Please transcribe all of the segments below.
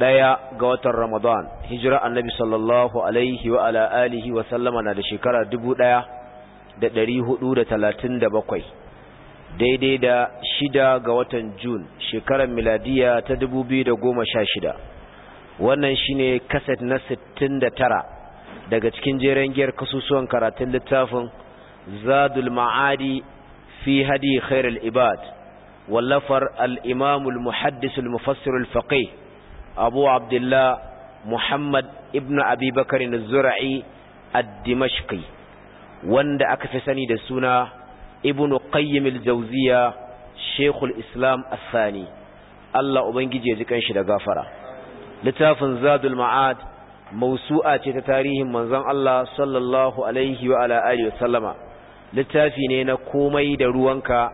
ɗaya ga watan Ramadan, hijira annabi sallallahu Alaihi wa ala alihi wa sallama na da shekara dubu ɗaya da ɗari hudu da talatin da bakwai, daidai da shida ga watan Jun, shekarar miladiya ta dubu biyu da goma sha shida. Wannan shi ne kaset na sittin da tara daga cikin jeren giyar kasusuwan karatun littafin Zadul Ma'adi fi hadi khairul ibad, wallafar al-imamul muhaddisul mufassirul faqih abu abdullah muhammad ibn abi bakarin zura'i ad wanda aka fi sani da suna ibnu qayyim al-jawziya islam athani Allah ubangiji ya ji shi da gafara littafin zadul ma'ad mawsu'a ce ta tarihin manzon Allah sallallahu alaihi wa ala alihi wa sallama littafi ne na komai da ruwanka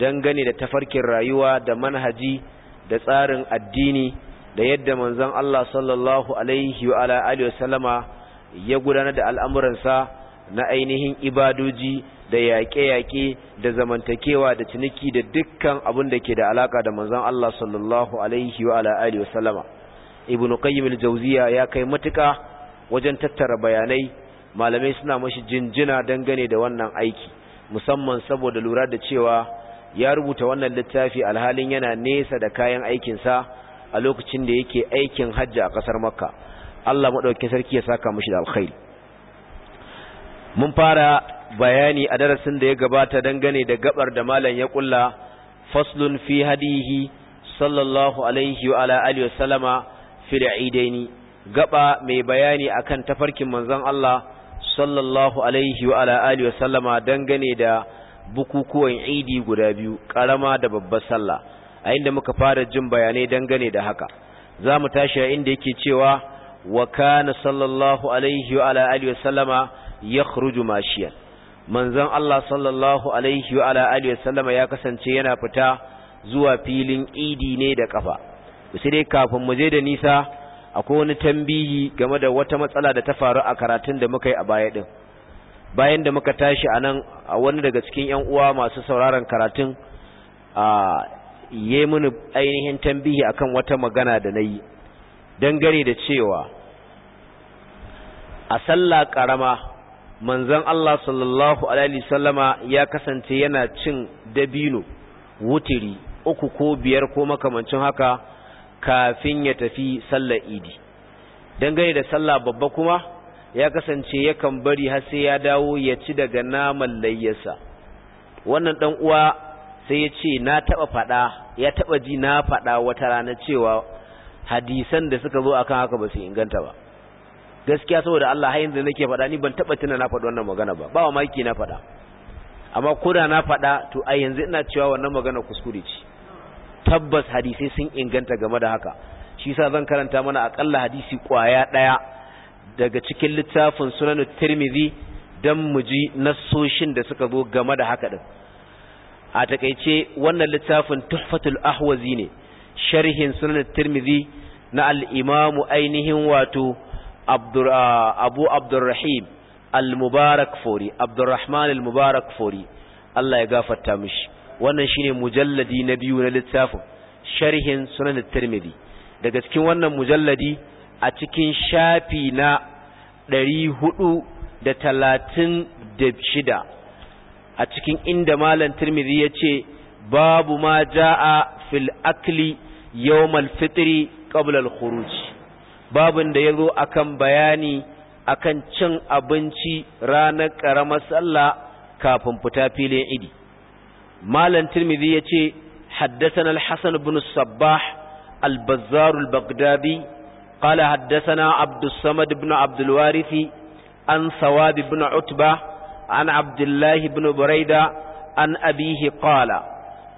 dangane da tafarkin rayuwa da manhaji da tsarin addini da yadda manzon Allah sallallahu alaihi wa ala alihi wasallama ya gudanar da al'amuransa na ainihin ibadoji da yaƙe-yaƙe da zamantakewa da ciniki da dukkan abin da ke da alaka da manzon Allah sallallahu alaihi wa ala alihi wasallama ibn qayyim al-jawziya ya kai matuka wajen tattara bayanai malamai suna mashi jinjina dangane da wannan aiki musamman saboda lura da cewa ya rubuta wannan littafi alhalin yana nesa da kayan aikinsa a lokacin da yake aikin hajji a ƙasar makka Allah ɗauki sarki ya saka mashi da alkhairi mun fara bayani a darasin da ya gabata dangane da gabar da malam ya kulla faslun fi hadihi sallallahu alaihi wa ala alihi wa sallama fi da'idaini gaba mai bayani akan tafarkin manzon Allah sallallahu alaihi wa ala alihi wa sallama dangane da bukukuwan idi guda biyu karama da babbar sallah a inda muka fara jin bayanai dangane da haka za mu tashi a inda yake cewa wa kana sallallahu alaihi wa ala alihi wasallama yakhruju mashiyan manzon Allah sallallahu alaihi wa ala alihi wasallama ya kasance yana fita zuwa filin idi ne da kafa sai dai kafin mu je da nisa akwai wani tambihi game da wata matsala da ta faru a karatun da muka yi a baya din bayan da muka tashi a nan a wani daga cikin 'yan uwa masu sauraron karatun yi mini ainihin tambihi akan wata magana da na yi dangane da cewa a sallah ƙarama manzon Allah sallallahu alaihi sallama ya kasance yana cin dabino wutiri uku ko biyar ko makamancin haka kafin ya tafi sallar idi dangane da sallah babba kuma ya kasance yakan bari har sai ya dawo ya ci daga naman layyasa. wannan dan uwa sai ya ce na taɓa faɗa ya taɓa ji na faɗa wata rana cewa hadisan da suka zo akan haka ba su inganta ba gaskiya saboda Allah har yanzu nake faɗa ni ban taba tuna na faɗi wannan magana ba ba ma yake na faɗa amma ko da na faɗa to a yanzu ina cewa wannan magana kuskure ce tabbas hadisai sun inganta game da haka shi yasa zan karanta mana akalla hadisi kwaya ɗaya daga cikin littafin sunan Tirmidhi dan mu ji nasoshin da suka zo game da haka din a takaice wannan littafin tuhfatul ahwazi ne sharhin sunan tirmidhi na al-imamu ainihin wato abu abdurrahim al-mubarak fori abdurrahman al-mubarak fori Allah ya gafarta mishi wannan shine mujalladi na biyu na littafin sharhin sunan tirmidhi daga cikin wannan mujalladi a cikin shafi na ɗari hudu da talatin da shida a cikin inda malam tirmidhi ya ce babu ma ja'a fil akli yawmal fitri qabla al khuruj babin da yazo akan bayani akan cin abinci ranar karamar sallah kafin fita filin idi malam tirmidhi ya ce حدثنا الحسن بن الصباح البزار البغدادي قال حدثنا عبد الصمد بن عبد الوارث عن ثواب بن عتبه an abdullahi ibn buraida an abihi qala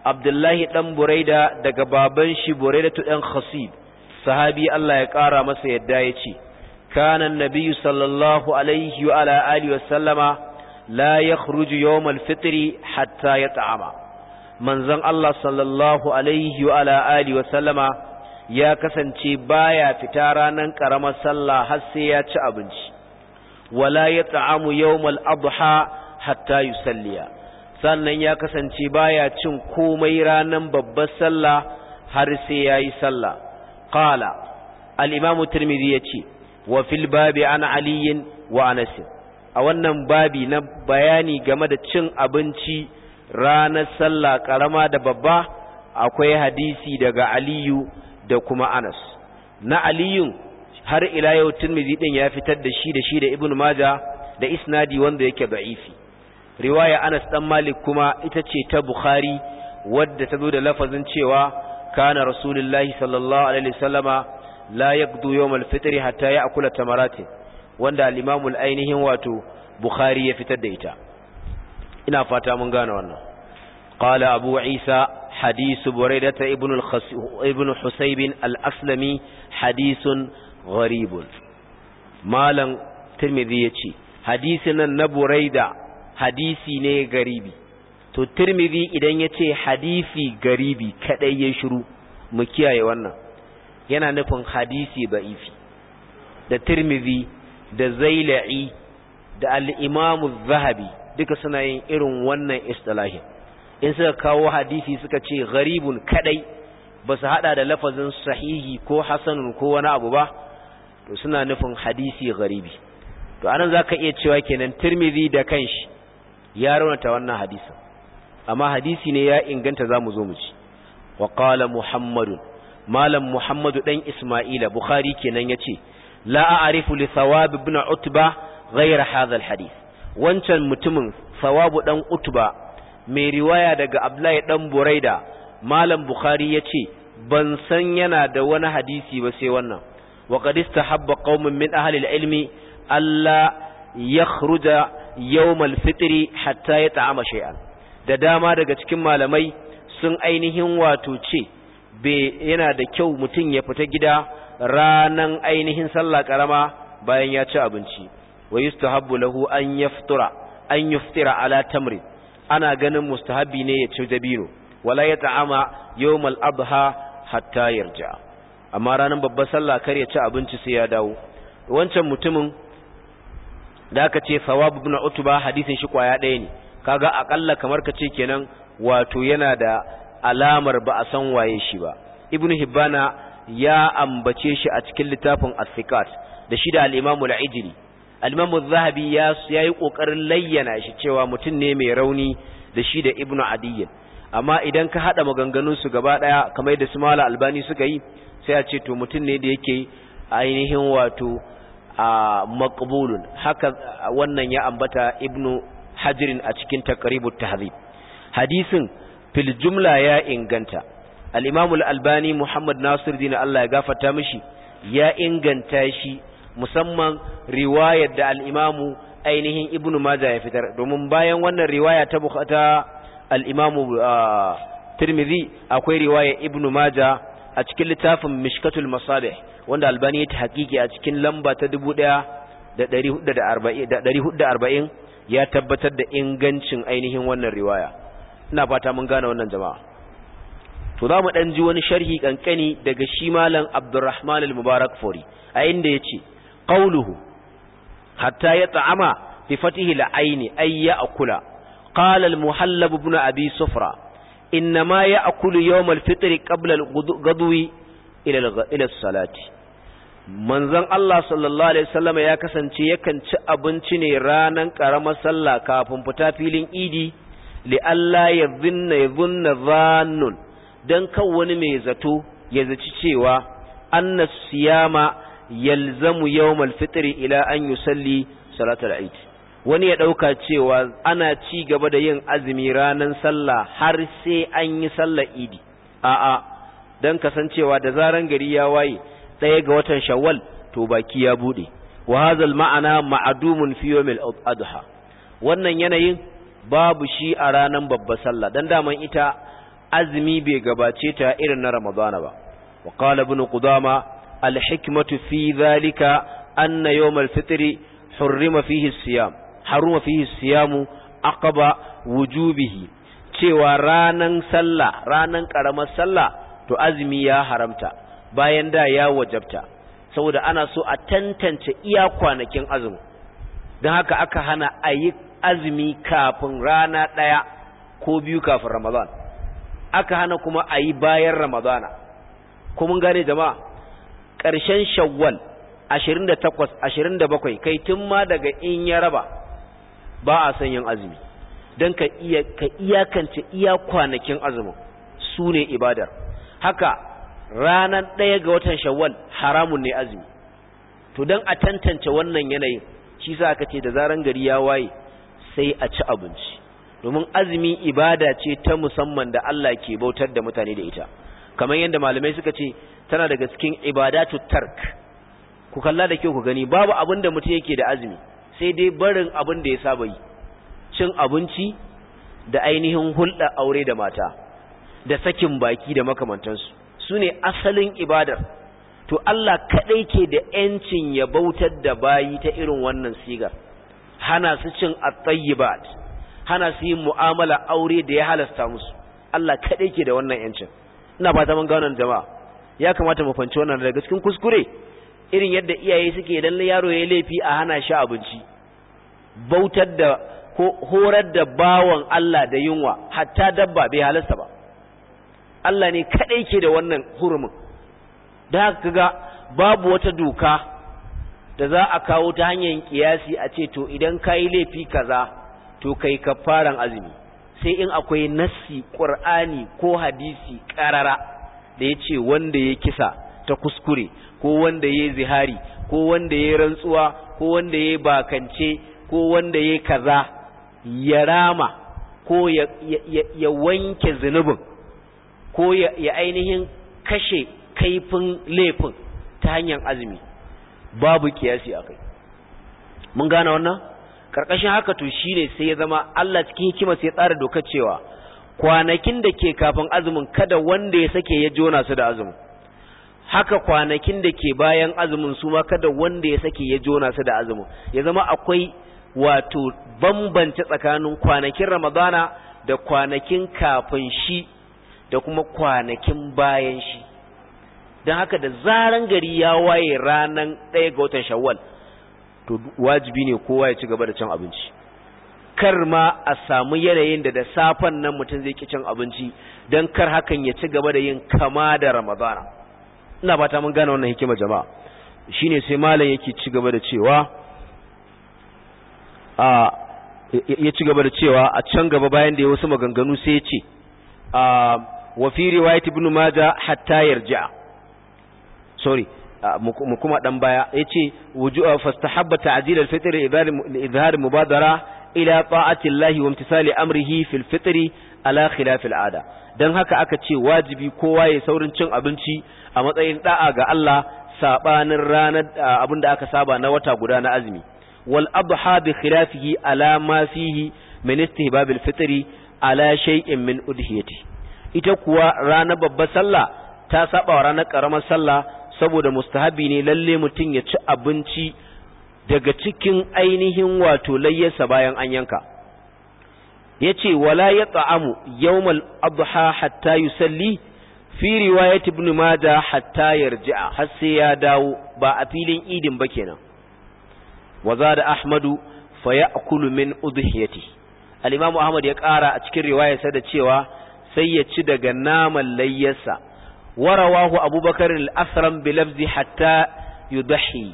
abdullahi dan buraida daga baban shi buraida to dan khasib sahabi Allah ya kara masa yadda yace kana annabiyyu sallallahu alaihi wa ala alihi wa sallama la yakhruju yawm al hatta yat'ama manzon Allah sallallahu alaihi wa ala alihi wa sallama ya kasance baya fita ranar ƙaramar sallah har sai ya ci abinci wala ya ta'amu yawmal adha hatta yusalliya sannan ya kasance baya cin komai ranan babbar sallah har sai yayi sallah qala al-imamu tirmidhi yace wa fil babi an ali wa anas a wannan babi na bayani game da cin abinci ranar sallah karama da babba akwai hadisi daga aliyu da kuma anas na aliyun har ila yau Tirmidhi din ya fitar da shi da shi da Ibn Majah da isnadi wanda yake da'ifi riwaya Anas dan Malik kuma ita ce ta Bukhari wadda ta zo da lafazin cewa kana rasulullahi sallallahu alaihi wasallama la yaqdu yawm al-fitr hatta ya'kula tamaratin wanda al-Imam al-Ainihin wato Bukhari ya fitar da ita ina fata mun gane wannan qala Abu Isa حديث بريدة ابن, الخس... ابن حسيب الأسلمي حديث gharibun malam tirmidhi yace hadisi nan na buraida hadisi ne garibi to tirmidhi idan yace hadisi garibi kadai ya shiru mu kiyaye wannan yana nufin hadisi ba'ifi da tirmidhi da zaila'i da al'imamu zahabi duka suna yin irin wannan istilahin in suka kawo hadisi suka ce gharibun kadai ba su hada da lafazin sahihi ko hasanun ko wani abu ba to suna nufin hadisi garibi to anan zaka iya cewa kenan Tirmidhi da kanshi ya raunata wannan hadisin amma hadisi ne ya inganta zamu zo mu ci wa qala muhammadun malam muhammadu dan isma'ila bukhari kenan yace la a'rifu li thawab ibn utba ghayra hadha al wancan mutumin thawabu dan utba mai riwaya daga abdullahi dan buraida malam bukhari yace ban san yana da wani hadisi ba sai wannan وقد استحب قوم من أهل العلم ألا يخرج يوم الفطر حتى يطعم شيئا da dama daga cikin malamai sun ainihin wato ce yana da kyau mutum ya fita gida ranan ainihin sallah karama bayan ya ci abinci wa yustahabbu lahu an yaftura an yuftira ala tamri ana ganin mustahabi ne ya ci dabino wala ya ta'ama yawmal abha hatta yarja amma ranar babbar sallah kar ya ci abinci sai ya dawo wancan mutumin da aka ce sawab ibn utba hadisin shi kwaya ɗaya ne kaga akalla kamar ka ce kenan wato yana da alamar ba a san waye shi ba ibn hibbana ya ambace shi a cikin littafin as da shi da al-imam al al-imam az-zahabi ya yayi kokarin layyana shi cewa mutum ne mai rauni da shi da ibn adiyy amma idan ka hada maganganun su gaba daya kamar da su mala albani suka yi sai a ce to mutum ne da yake ainihin wato a maqbulun haka wannan ya ambata ibnu hajirin a cikin taqribut tahzib hadisin fil jumla ya inganta al-imam al-albani muhammad nasiruddin Allah ya gafarta mishi ya inganta shi musamman riwayar da al-imamu ainihin ibnu majah ya fitar domin bayan wannan riwaya ta bukata al-imamu tirmidhi akwai riwayar ibnu majah a cikin littafin mishkatul masabih wanda albani ya ta hakiki a cikin lamba ta 1440 ya tabbatar da ingancin ainihin wannan riwaya ina fata mun gane wannan jama'a to za mu ɗan ji wani sharhi ƙanƙani daga shi malam Abdurrahman al-Mubarak Fori a inda ce, qawluhu hatta yata'ama bi fatihi al-aini ay ya'kula qala al-muhallab ibn abi sufra innama ya akulu yawmal fitri qabla al-ghadwi ila salati manzon Allah sallallahu alaihi wasallam ya kasance yakan ci abinci ne ranan karamar sallah kafin fita filin idi li Allah ya zinna ya zunna zannun dan kan wani mai zato ya zaci cewa anna siyama yalzamu yawmal fitri ila an yusalli salatul eid wani ya ɗauka cewa ana ci gaba da yin azumi ranar sallah har sai an yi sallar idi a'a don kasancewa da zarar gari ya waye ɗaya ga watan shawwal to baki ya buɗe wa hazal ma'ana ma'adumun fi adha wannan yanayin babu shi a ranar babbar sallah dan daman ita azumi bai gabace ta irin na ramadana ba wa qala ibn qudama al hikmatu fi dhalika anna yawm al fitr haruma fi siyamu aqaba wujubihi cewa ranan sallah ranan karamar sallah to azumi ya haramta bayan da ya wajabta saboda ana so a tantance iya kwanakin azumi don haka aka hana a yi azumi kafin rana ɗaya ko biyu kafin ramadan aka hana kuma a yi bayan ramadana kuma gane jama'a ƙarshen shawwal 28 27 kai tun ma daga in ya raba ba a son yin azumi don ka iya iyakance iya kwanakin azumin su ne ibadar haka ranar ɗaya ga watan shawwal haramun ne azumi to don a tantance wannan yanayin shi sa aka ce da zaran gari ya waye sai a ci abinci domin azumi ibada ce ta musamman da Allah ke bautar da mutane da ita kamar yadda malamai suka ce tana daga cikin ibada tark ku kalla da kyau ku gani babu abin da mutum yake da azumi sai dai barin abin da ya saba yi cin abinci da ainihin hulɗa aure da mata da sakin baki da makamantansu su ne asalin ibadar to Allah kaɗai ke da ‘yancin ya bautar da bayi ta irin wannan sigar hana su cin attayyibat hana su yin mu'amala aure da ya halasta musu Allah kaɗai ke da wannan ‘yancin ina ba ta man jama'a ya kamata mu fanci wannan daga cikin kuskure irin yadda iyaye suke idan yaro ya laifi a hana shi abinci bautar da horar da bawan Allah da yunwa hatta dabba bai halasta ba Allah ne kadai ke da wannan hurumin da haka ga babu wata doka da za a kawo ta hanyar kiyasi a ce to idan kayi laifi kaza to kai kafaran azumi sai in akwai nassi qur'ani ko hadisi karara da yace wanda ya kisa ta kuskure ko wanda yayi zihari ko wanda yayi rantsuwa ko wanda yayi bakance ko wanda yayi kaza ya rama ko ya, wanke zunubin ko ya, ainihin kashe kaifin laifin ta hanyar azumi babu kiyasi akai mun gane wannan karkashin haka to shi ne sai ya zama Allah cikin hikima sai ya tsara dokar cewa kwanakin da ke kafin azumin kada wanda ya sake ya jona su da azumin haka kwanakin da ke bayan azumin su ma kada wanda ya sake ya jona su da azumin ya zama akwai wato bambance tsakanin kwanakin ramadana da kwanakin kafin shi da kuma kwanakin bayan shi don haka da zaran gari ya waye ranar ɗaya ga watan shawwal to wajibi ne kowa ya ci gaba da cin abinci kar ma a samu yanayin da da safen nan mutum zai ki cin abinci don kar hakan ya ci gaba da yin kama da ramadana ina ba ta mun gane wannan hikima jama'a shine sai malam yake ci gaba da cewa a ya ci gaba da cewa a can gaba bayan da ya wasu maganganu sai ya ce a wa fi riwayat ibn majah hatta yarji'a sorry mu kuma dan baya yace wujuha fastahabba ta'dil al-fitr idhar mubadara ila ta'ati Allah wa imtisali amrihi fil fitr ala khilaf al-ada dan haka aka ce wajibi kowa ya saurin cin abinci a matsayin da'a ga Allah sabanin ranar abinda aka saba na wata guda na azumi wal adha bi khilafihi ala ma fihi min istihbab al fitri ala shay'in min udhiyati ita kuwa ranar babbar sallah ta saba wa ranar karamar sallah saboda mustahabi ne lalle mutum ya ci abinci daga cikin ainihin wato layyasa bayan an yanka yace wala ya ta'amu yawmal adha hatta yusalli fi riwayat ibn majah hatta yarji'a har sai ya dawo ba a filin idin ba kenan waza da ahmadu fa ya'kulu min udhiyati al-imam ahmad ya kara a cikin riwayarsa da cewa sai ya ci daga naman layyarsa warawahu abubakar al-asram bi lafzi hatta yudhi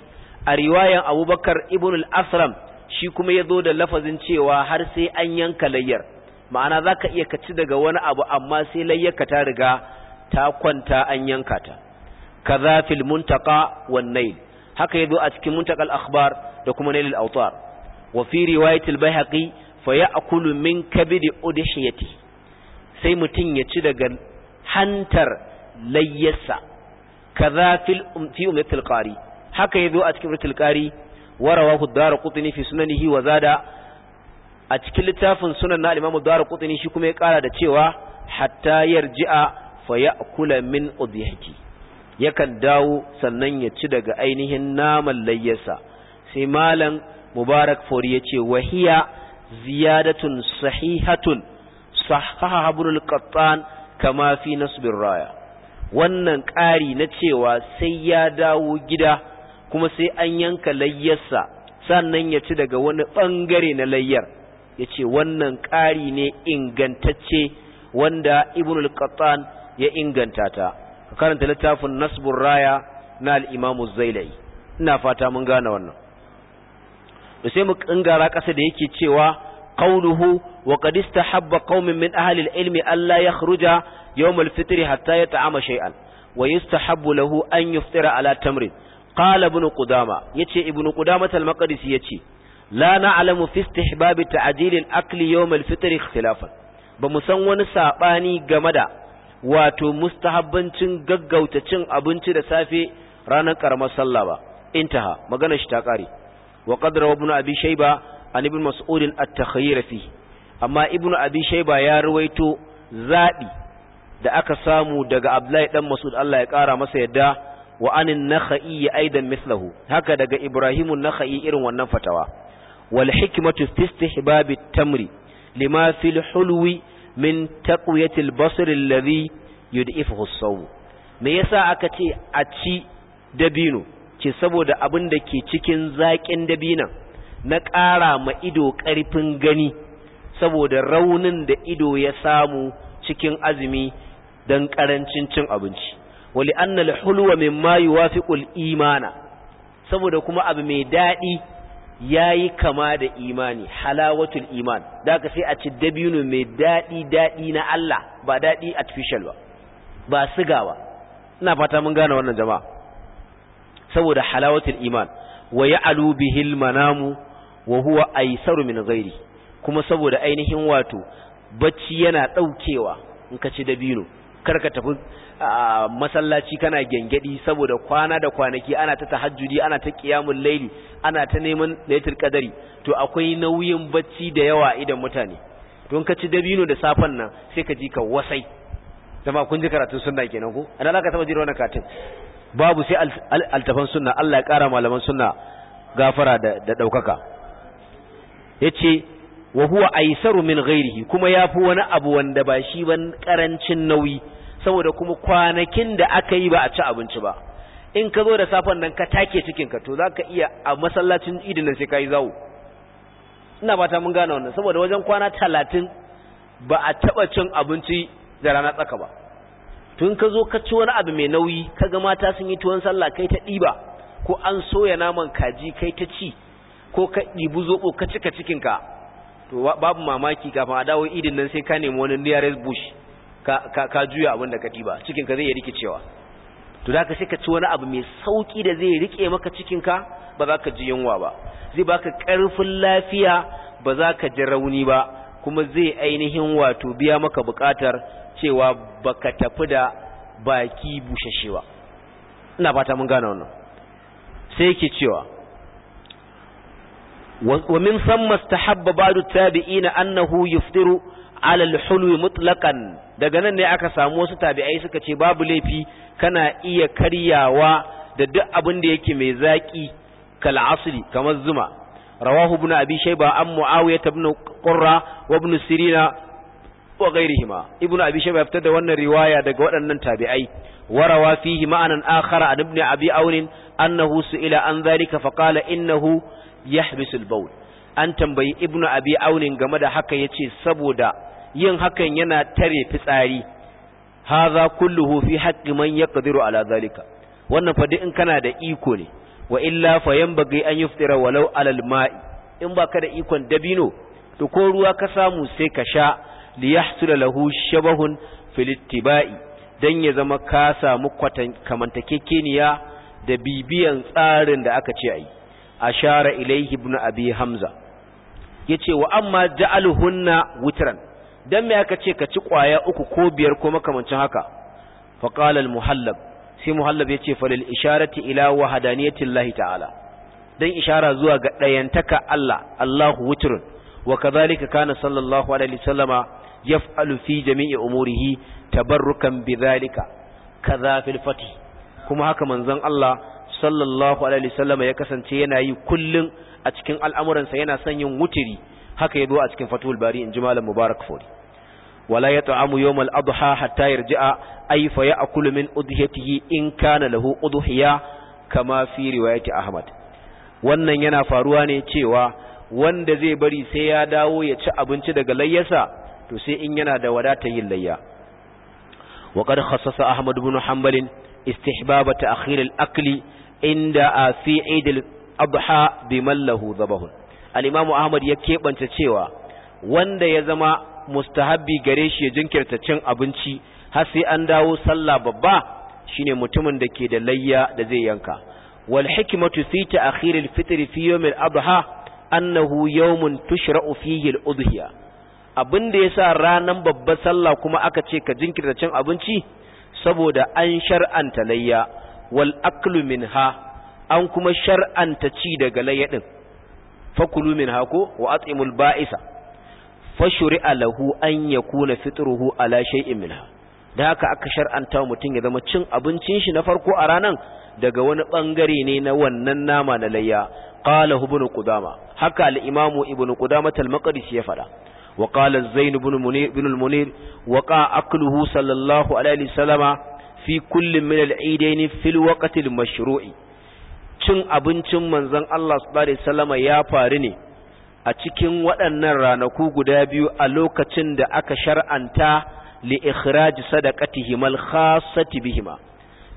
a riwayan abubakar ibn al-asram shi kuma ya zo da lafazin cewa har sai an yanka layyar ma'ana zaka iya ka ci daga wani abu amma sai layyarka ta riga ta kwanta an yanka ta kaza fil muntaqa wan nail haka yazo a cikin muntaqal akhbar da kuma nail al awtar wa fi riwayat al bayhaqi fa ya'kulu min kabidi udhiyati sai mutun ya ci daga hantar layyasa kaza fil um, fi ummatil qari haka yazo a cikin ummatil qari wa rawahu ad-darqutni fi sunanihi wa zada a cikin littafin sunan na al-imam ad shi kuma ya kara da cewa hatta yarji'a fa kula min udhiyati yakan dawo sannan ya ci daga ainihin naman layyasa sai malam mubarak fori yace wahiya ziyadatun sahihatun sahaha ibn al-qattan kama fi nasbir raya wannan ƙari na cewa sai ya dawo gida kuma sai an yanka layyarsa sannan ya ci daga wani ɓangare na layyar yace wannan ƙari ne ingantacce wanda ibn al-qattan ya inganta ta ka karanta littafin nasbur raya na al zailai ina fata mun gane wannan Da sai mu kingara kasa da yake cewa qawluhu wa qad istahabba qaumin min ahli al-ilmi Allah yakhruja yawm al-fitr hatta yata'ama shay'an wa yustahabbu lahu an yuftira ala tamrin qala ibn qudama yace ibn qudama al-maqdisi yace la na'lamu fi istihbab ta'jil al-akl yawm al-fitr ikhtilafan ba mu san wani sabani game da wato mustahabbancin gaggauta cin abinci da safe ranar karamar sallah ba intaha magana shi ta kare wa qadra ibn abi shayba an ibn mas'ud at-takhayyur fi amma ibn abi shayba ya ruwaito zabi da aka samu daga abdullahi dan mas'ud Allah ya kara masa yadda wa anin nakhai aidan mislahu haka daga ibrahimun nakhai irin wannan fatawa wal hikmatu fi istihbab at-tamri lima fil hulwi min taqwiyatil basr alladhi yud'ifuhu as sawm me yasa aka ce a ci dabino ce saboda abin da ke cikin zaƙin dabinan na ƙara ma ido ƙarfin gani saboda raunin da ido ya samu cikin azumi dan ƙarancin cin abinci wali annal hulwa mimma yuwafiqul imana saboda kuma abu mai daɗi Ya yi kama da imani halawatul iman ka sai a ci dabino mai daɗi daɗi na Allah ba dadi artificial ba ba sigawa ina fata mun gane wannan jama'a saboda halawatul iman wa ya'lu bihil manamu wa huwa aysaru min ghairi kuma saboda ainihin wato bacci yana daukewa in ka ci dabino kar ka tafi masallaci kana gengedi saboda kwana da kwanaki ana ta tahajjudi ana ta qiyamul laili ana ta neman laylatul qadari to akwai nauyin bacci da yawa idan mutane don ka ci dabino da safan nan sai ka ji ka wasai dama kun ji karatun sunna kenan ko ana laka taba jira wannan katin babu sai altafan sunna Allah ya kara malaman sunna gafara da da daukaka yace wa huwa aisaru min ghairihi kuma yafi wani abu wanda ba shi ban karancin nauyi saboda kuma kwanakin da aka yi ba a ci abinci ba in ka zo da safen nan ka take cikinka to za ka iya a masallacin idin nan sai ka yi zawo ina ba ta mun gane wannan saboda wajen kwana talatin ba a taɓa cin abinci da rana tsaka ba tun ka zo ka ci wani abu mai nauyi ka ga mata sun yi tuwon sallah kai ta ɗiba ko an soya naman kaji kai ta ci ko ka ɗibi zoɓo ka cika cikinka to babu mamaki kafin a dawo idin nan sai ka nemi wani nearest bush ka juya abin da ka cikin cikinka zai rikicewa to da ka sai ka ci wani abu mai sauƙi da zai rike maka cikinka ba za ka ji yunwa ba zai baka karfin lafiya ba za ka ji rauni ba kuma zai ainihin wato biya maka bukatar cewa baka tafi da baki bushashewa ina fata mun gane wannan sai yake cewa wa min samma stahabba ba'du tabi'ina annahu yuftiru alal hulwi mutlaqan daga nan ne aka samu wasu tabi'ai suka ce babu laifi kana iya karyawa da duk abin da yake mai zaki kal asri kamar zuma rawahu ibn abi shayba an muawiya ibn qurra wa ibn sirina wa ghayrihima ibn abi shayba ya fitar da wannan riwaya daga waɗannan tabi'ai وروى فيه معنى آخر عن ابن أبي أون أنه سئل عن ذلك فقال إنه يحبس البول an tambayi ibnu abi aunin game da haka yace saboda yin hakan yana tare fitsari haza kulluhu fi haqqi man yaqdiru ala zalika wannan fa in kana da iko ne wa illa fa yanbaghi an yuftira walau ala alma'i in baka da ikon dabino to ko ruwa ka samu sai ka sha li yahsula lahu shabahun fil ittiba'i dan ya zama ka samu kwatan kamantakekeniya da bibiyan tsarin da aka ce ayi ashara ilayhi ibn abi hamza yace wa amma ja'aluhunna wutran dan me aka ce ka ci kwaya uku ko biyar ko makamancin haka fa qala al muhallab sai muhallab yace fa lil isharati ila wahdaniyati llahi ta'ala dan ishara zuwa ga dayantaka Allah Allahu wutrun wa kadhalika kana sallallahu alaihi wasallama yaf'alu fi jami'i umurihi tabarrukan bidhalika kadha fil fath kuma haka manzon Allah sallallahu alaihi wasallama ya kasance yana yi kullun a cikin al'amuransa yana son yin wuturi. haka yazo a cikin fatul bari in ji malam mubarak fori wala yat'amu yawm al-adha hatta yarji'a ay fa ya'kulu min udhiyatihi in kana lahu udhiya kama fi riwayati ahmad wannan yana faruwa ne cewa wanda zai bari sai ya dawo ya ci abinci daga layyasa to sai in yana da wadatar yin layya وقد خصص أحمد بن حنبل استحباب تأخير inda عند في عيد الأضحى بمن له ذبه Alimamu ahmad ya keɓanta cewa wanda ya zama mustahabbi gare shi ya jinkirta cin abinci har sai an dawo sallah babba shine mutumin da ke da layya da zai yanka wal hikimatu fi ta'khir al-fitr fi yawm al-adha annahu yawmun tushra'u fihi al-udhiya abinda yasa ranan babbar sallah kuma aka ce ka jinkirta cin abinci saboda an shar'anta layya wal aklu minha an kuma shar'anta ci daga layya din fakulu min hako wa at'imul ba'isa shuri'a lahu an yakuna fitruhu ala shay'in minha da haka aka shar'anta mutum ya zama cin abincin shi na farko a ranan daga wani bangare ne na wannan nama na layya qala ibn qudama haka al-imamu ibn qudama al-maqdisi ya fada wa qala zain ibn munir ibn al-munir wa qa akluhu sallallahu alaihi wasallama fi kulli min al fil waqti al-mashru'i cin abincin manzon Allah sallallahu alaihi wasallama ya faru ne a cikin waɗannan ranaku guda biyu a lokacin da aka shar'anta li ikhraj ta khassati bihima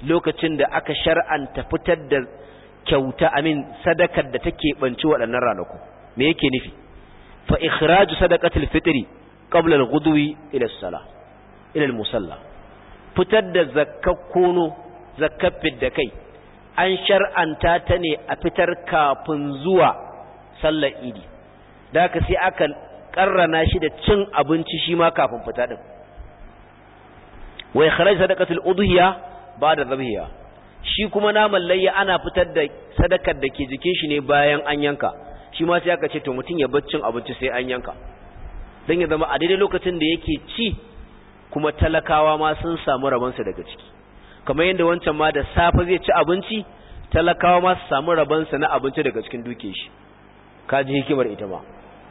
lokacin da aka shar'anta fitar da kyauta amin sadakar da take banci waɗannan ranaku me yake nufi fa ikhraj sadaqatil fitri qabla al-ghudwi ila salah ila al-musalla fitar da zakkar kono zakkar da kai an shar'anta ta ne a fitar kafin zuwa sallar idi da haka sai aka karrana shi da cin abinci shi ma kafin fita din wai kharaj sadaqatul udhiya ba da shi kuma naman layya ana fitar da sadakar da ke jikin shi ne bayan an yanka shi ma sai aka ce to mutum ya bar cin abinci sai an yanka dan ya zama a daidai lokacin da yake ci kuma talakawa ma sun samu rabansa daga ciki kamar yadda wancan ma da safe zai ci abinci talakawa ma su samu rabansa na abinci daga cikin duke shi ka ji hikimar ita ma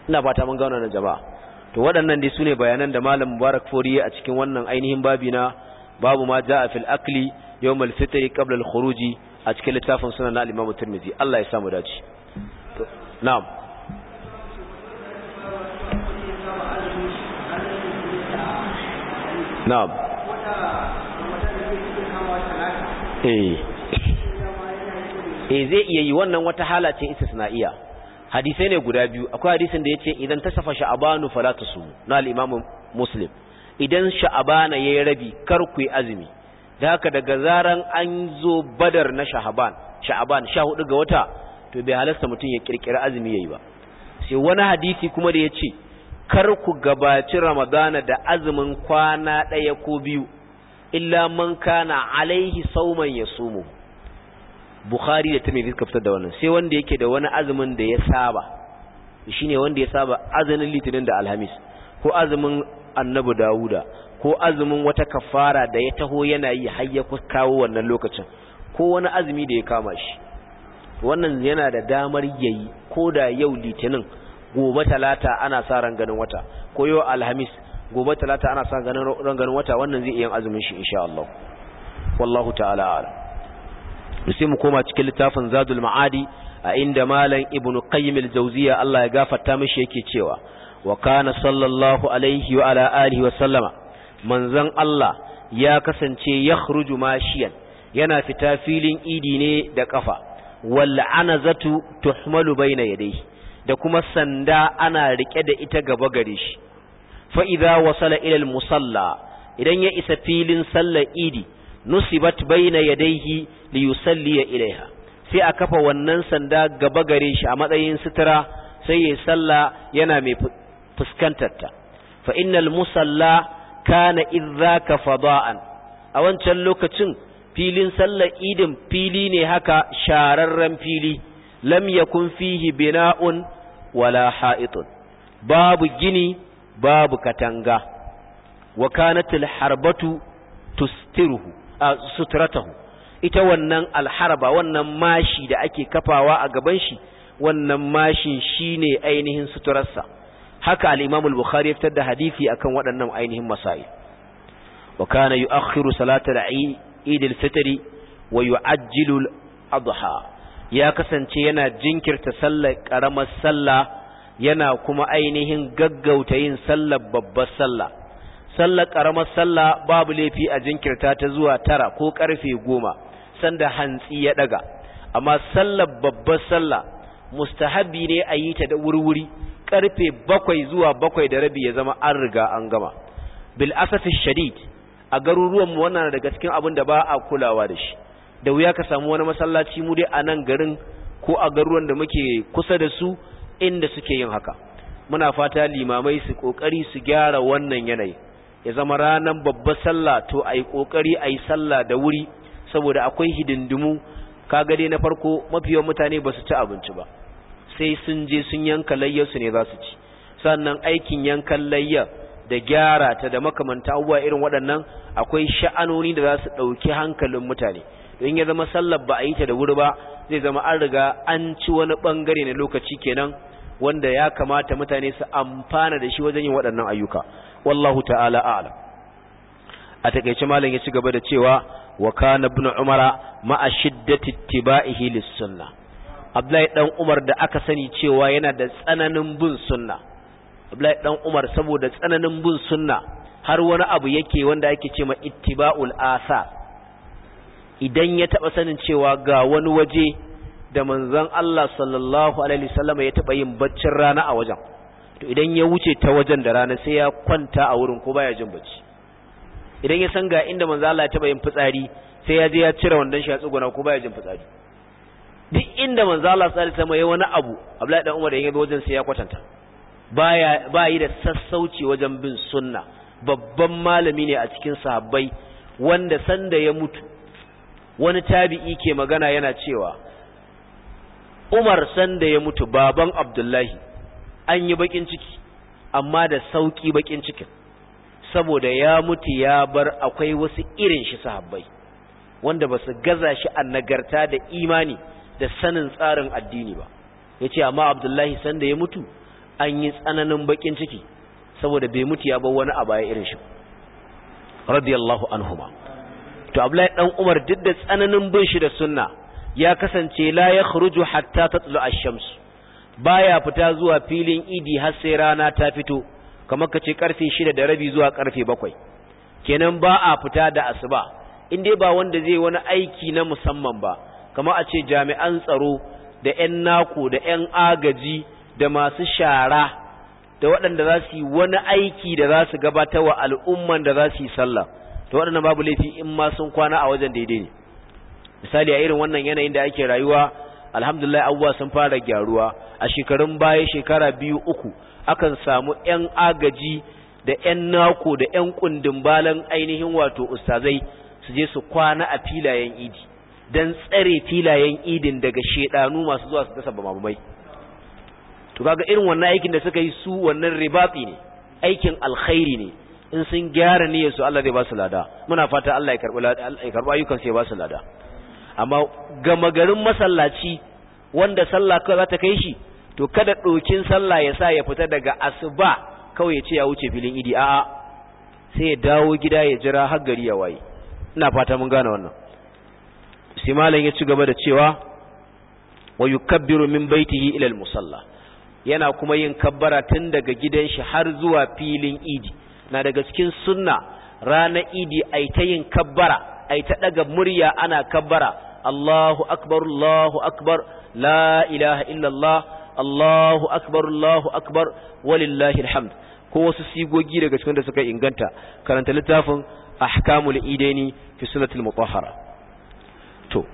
ina fata mun gauna na jama'a to waɗannan dai sune bayanan da malam mubarak fori a cikin wannan ainihin babi na babu ma a fil akli yawmal fitri qabla khuruji a cikin littafin suna na al turmizi Allah ya samu dace na'am E, zai iya yi wannan wata hala ce istisna'iya hadisai ne guda biyu akwai hadisin da ya ce idan tasafa sha'abanu fala tusum na al-imam muslim idan sha'abana yayi rabi kar ku yi azumi da haka daga zaran an zo badar na sha'aban sha'aban 14 ga wata to bai halasta mutum ya kirkira azumi ya yi ba sai wani hadisi kuma da yace kar ku gabaci ramadana da azumin kwana ɗaya ko biyu illa man kana alaihi sauman ya sumu bukhari da tirmidhi suka fitar da wannan sai wanda yake da wani azumin da ya saba shine wanda ya saba azumin litinin da alhamis ko azumin annabi dawuda ko azumin wata kafara da ya taho yana yi har ya kawo wannan lokacin ko wani azumi da ya kama shi wannan yana da damar yayi ko da yau litinin gobe talata ana sa ran ganin wata ko yau alhamis gobe talata ana sa ganin rangarin wata wannan zai iya azumin shi insha Allah wallahu ta'ala ala. sai mu koma cikin littafin Zadul Ma'adi a inda malam Ibn Qayyim al Allah ya gafarta mishi yake cewa wa kana sallallahu alaihi wa ala alihi wa sallama manzon Allah ya kasance yakhruju mashiyan yana fita filin idi ne da kafa wal anazatu tuhmalu baina yadayhi da kuma sanda ana rike da ita gaba gare shi fa idza wasala ila musalla idan ya isa filin sallar idi nusibat baina yadayhi li yusalli ilaiha sai a kafa wannan sanda gaba gare shi a matsayin sutura sai ya salla yana mai fuskantar ta fa innal musalla kana idzaka fada'an a wancan lokacin filin sallar idin fili ne haka shararren fili lam yakun fihi bina'un wala ha'itun babu gini babu katanga wa kanatil harbatu tustiruhu a sutratahu ita wannan alharba wannan mashi da ake kafawa a gaban shi wannan mashin shine ainihin suturarsa haka al-Imam al-Bukhari ya fitar da hadisi akan waɗannan ainihin masail wa kana yu'akhiru salatal Eid al-Fitr wa yu'ajjilu al-Adha ya kasance yana jinkirta sallar karamar sallah yana kuma ainihin gaggauta yin sallar babbar sallah sallar karamar sallah babu laifi a jinkirta ta zuwa tara ko karfe goma sanda hantsi ya daga amma sallar babbar sallah mustahabi ne a yi ta da wurwuri ƙarfe bakwai zuwa bakwai da rabi ya zama an riga an gama bil asafi shadid a garuruwan mu wannan daga cikin abin da ba a kulawa da shi da wuya ka samu wani masallaci mu dai a nan garin ko a garuruwan da muke kusa da su inda suke yin haka muna fata limamai su kokari su gyara wannan yanayi ya zama ranar babbar sallah to ayi kokari ayi sallah da wuri saboda akwai hidindimu kaga dai na farko mafiyan mutane ba su ci abinci ba sai sun je sun yanka layyar su ne za su ci sannan aikin yankan layyar da gyara ta da makamanta abubuwa irin waɗannan akwai sha'anoni da za su ɗauki hankalin mutane don ya zama sallar ba a yi ta da wuri ba zai zama an riga an ci wani bangare na lokaci kenan wanda ya kamata mutane su amfana da shi wajen yin waɗannan ayyuka wallahu ta'ala a'lam a takeice malam ya ci gaba da cewa wa kana ibn umara ma'a ashiddati ittiba'ihi lis-sunnah abdullahi dan umar da aka sani cewa yana da tsananin bin sunna abdullahi dan umar saboda tsananin bin sunna har wani abu yake wanda ake cewa ittiba'ul asar idan ya taɓa sanin cewa ga wani waje da manzon Allah sallallahu alaihi wasallam ya taɓa yin baccin rana a wajen to idan ya wuce ta wajen da rana sai ya kwanta a wurin ko baya jin bacci idan ya san ga inda manzon Allah ya taɓa yin fitsari sai ya je ya cire wandon shi ya tsuguna ko baya jin fitsari duk inda manzon Allah sallallahu alaihi wasallam ya wani abu Abdullahi dan Umar da ya zo wajen sai ya kwatanta baya ba yi da sassauci wajen bin sunna babban malami ne a cikin sahabbai wanda sanda ya mutu wani tabi'i ke magana yana cewa Umar sanda ya mutu baban Abdullahi an yi bakin ciki amma da sauki bakin cikin saboda ya mutu ya bar akwai wasu irin shi sahabbai wanda ba su gaza shi a nagarta da imani da sanin tsarin addini ba ya ce amma abdullahi sanda ya mutu an yi tsananin bakin ciki saboda bai mutu ya bar wani a baya irin shi radiyallahu anhuma to Abdullahi dan Umar duk da tsananin bin shi da sunna ya kasance la yakhruju hatta tatlu ash-shams baya fita zuwa filin idi har sai rana ta fito kamar kace karfe 6 da rabi zuwa karfe 7 kenan ba a fita da asuba in dai ba wanda zai wani aiki na musamman ba kamar a ce jami'an tsaro da 'yan nako da 'yan agaji da masu shara da waɗanda za su yi wani aiki da za su gabatar wa al'umman da za su yi sallah to waɗannan babu laifi in ma sun kwana a wajen daidai ne misali a irin wannan yanayin da ake rayuwa alhamdulillah abubuwa sun fara gyaruwa a shekarun baya shekara biyu uku akan samu 'yan agaji da 'yan nako da 'yan kundin balan ainihin wato ustazai su je su kwana a filayen idi dan tsare filayen idin daga shedanu masu zuwa su dasa bamamai to kaga irin wannan aikin da suka yi su wannan ribati ne aikin alkhairi ne in sun gyara niyyar su Allah zai ba su lada muna fata Allah ya karbi Allah ya karbi ayyukan su ya ba su lada amma gama garin masallaci wanda sallah kawai za ta kai shi to kada dokin sallah ya sa ya fita daga asuba kawai ya ce ya wuce filin idi a'a sai ya dawo gida ya jira har gari ya waye ina fata mun gane wannan sai malam ya ci gaba da cewa wa yukabbiru min baitihi ila al-musalla yana kuma yin kabbara tun daga gidan shi har zuwa filin idi na daga cikin sunna ranar idi ai ta yin kabbara ai ta daga murya ana kabbara Allahu akbar Allahu akbar la ilaha illallah Allahu akbar Allahu akbar walillahi alhamd ko wasu sigogi daga cikin da suka inganta karanta littafin ahkamul idaini fi sunnatul mutahhara to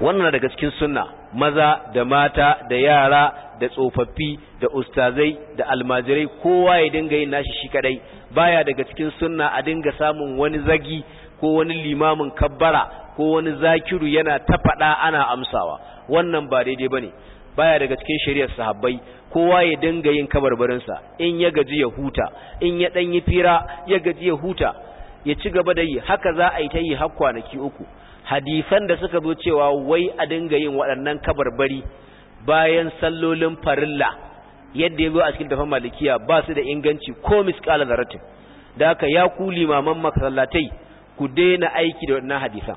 wannan daga cikin sunna maza da mata da yara da tsofaffi da ustazai da almajirai kowa ya dinga yin nashi shi kadai baya daga cikin sunna a dinga samun wani zagi ko wani limamin kabbara ko wani zakiru yana ta faɗa ana amsawa wannan ba daidai bane baya daga cikin shari'ar sahabbai kowa ya dinga yin kabarbarinsa in ya gaji ya huta in ya dan yi fira ya gaji ya huta ya ci gaba da yi haka za a yi ta yi har kwanaki uku hadisan da suka zo cewa wai a dinga yin waɗannan kabarbari bayan sallolin farilla yadda ya zo a cikin tafan malikiya ba su da inganci ko misƙala ratin da haka ya ku limaman masallatai ku daina aiki da waɗannan hadisan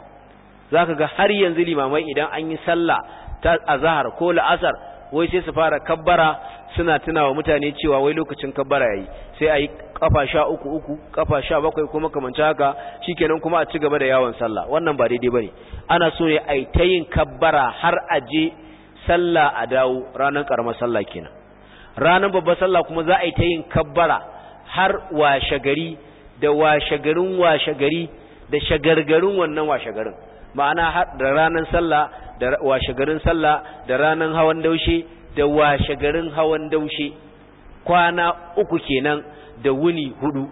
za ka ga har yanzu limamai idan an yi sallah ta azahar ko la'asar wai sai su fara kabbara suna wa mutane cewa wai lokacin kabbara yayi sai ayi kafa sha uku uku kafa sha bakwai ko makamancin haka shikenan kuma a ci gaba da yawon sallah wannan ba daidai bane ana so ne ai ta yin kabbara har a je sallah a dawo ranar karamar sallah kenan ranar babbar sallah kuma za a yi ta yin kabbara har washe gari da washe garin washe gari da shagargarin wannan washe garin ma'ana da ranar sallah da washe garin sallah da ranar hawan daushe da washe garin hawan daushe kwana uku kenan da wuni hudu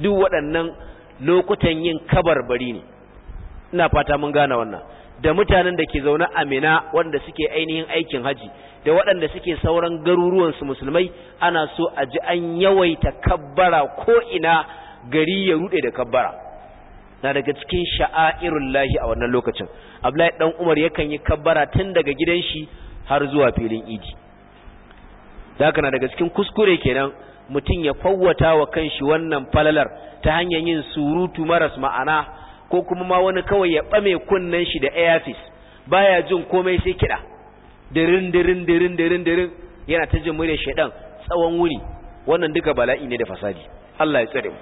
duk waɗannan lokutan yin kabar bari ne ina fata mun gane wannan da mutanen da ke zaune a Mina wanda suke ainihin aikin haji da waɗanda suke sauran garuruwansu musulmai ana so a ji an yawaita kabbara ko ina gari ya rude da kabbara na daga cikin sha'airun lahi a wannan lokacin Abdullahi dan Umar yakan yi kabbara tun daga gidan shi har zuwa filin Idi da haka na daga cikin kuskure kenan mutum ya fawwata wa kanshi wannan falalar ta hanyar yin surutu maras ma'ana ko kuma ma wani kawai ya ɓame kunnen shi da airfis baya jin komai sai kiɗa dirin dirin dirin dirin dirin yana ta jin muryar shaidan tsawon wuri wannan duka bala'i ne da fasadi Allah ya tsare mu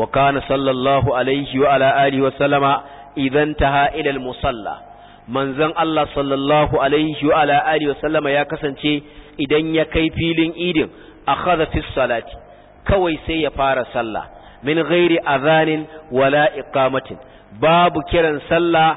wa kana sallallahu alaihi wa ala alihi wa sallama idan taha ila al-musalla manzon Allah sallallahu alaihi wa alihi wa sallama ya kasance idan ya kai filin idin akhadha fi salati kawai sai ya fara sallah min ghairi adhanin wala iqamatin babu kiran sallah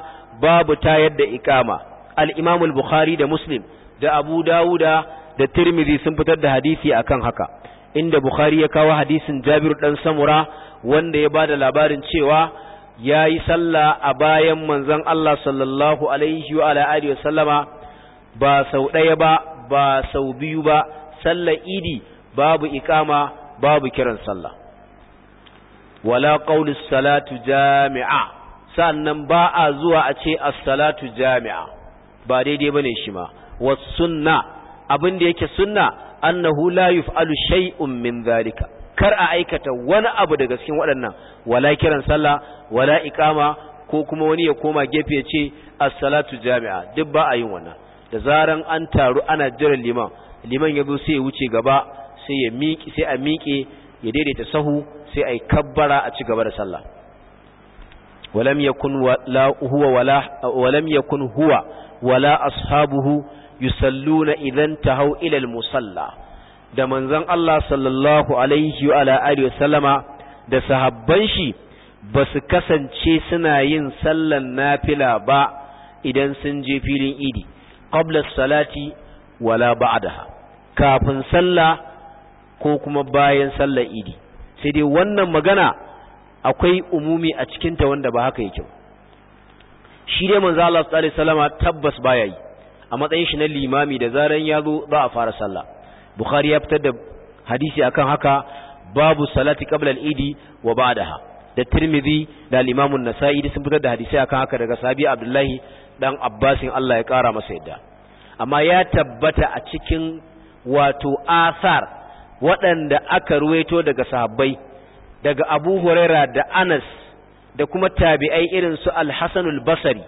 babu tayar da iqama al-imam al-bukhari da muslim da abu dawuda da tirmidhi sun fitar da hadisi akan haka inda bukhari ya kawo hadisin jabir dan samura wanda ya bada labarin cewa ya yi sallah a bayan manzon Allah sallallahu alaihi wa alihi wa sallama ba sau ɗaya ba ba sau biyu ba sallar idi babu ikama babu kiran sallah wala qawlus salatu jami'a sannan ba a zuwa a ce a salatu jami'a ba daidai bane shi ma was sunna abin da yake sunna annahu la yuf'alu shay'un min zalika kar a aikata wani abu daga cikin waɗannan wala kiran sallah wala iqama ko kuma wani ya koma gefe ya ce as-salatu jami'a duk ba a yin wannan da zaran an taru ana jiran liman liman ya zo sai ya wuce gaba sai ya sai a miƙe ya daidaita sahu sai ai kabbara a ci gaba da sallah walam yakun wala huwa wala walam yakun huwa wala ashabuhu yusalluna idan tahau ila al-musalla da manzon Allah sallallahu alaihi wa alihi wasallama da sahabban shi ba su kasance suna yin sallan nafila ba idan sun je filin idi qabla salati wala ba'daha kafin sallah ko kuma bayan sallar idi sai dai wannan magana akwai umumi a cikinta wanda ba haka yake shi dai manzo Allah sallallahu alaihi wasallama tabbas baya yi a matsayin shi na limami da zaran ya zo za a fara sallah bukhari ya fitar da hadisi akan haka babu salati qabla al-idi wa ba'daha da tirmidhi da al-imam an-nasa'i sun fitar da hadisi akan haka daga sabi abdullahi dan abbasin Allah ya kara masa yadda amma ya tabbata a cikin wato asar waɗanda aka ruwaito daga sahabbai daga abu huraira da anas da kuma tabi'ai irin su al-hasan al-basri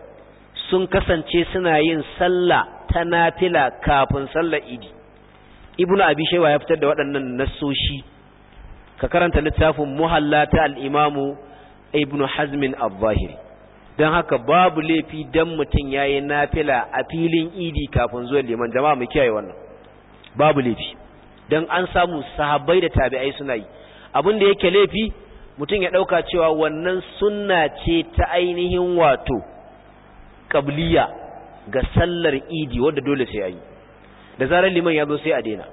sun kasance suna yin sallah tana fila kafin sallar idi ibnu abi Shewa ya fitar da waɗannan nasoshi ka karanta littafin muhalla ta al ibnu Hazmin al-zahiri dan haka babu laifi dan mutun yayi nafila a filin idi kafin zuwa liman jama'a mu kiyaye wannan babu laifi dan an samu sahabbai da tabi'ai suna yi abin da yake laifi mutum ya ɗauka cewa wannan sunna ce ta ainihin wato ƙabliya ga sallar idi wadda dole sai a yi da zarar liman ya zo sai a daina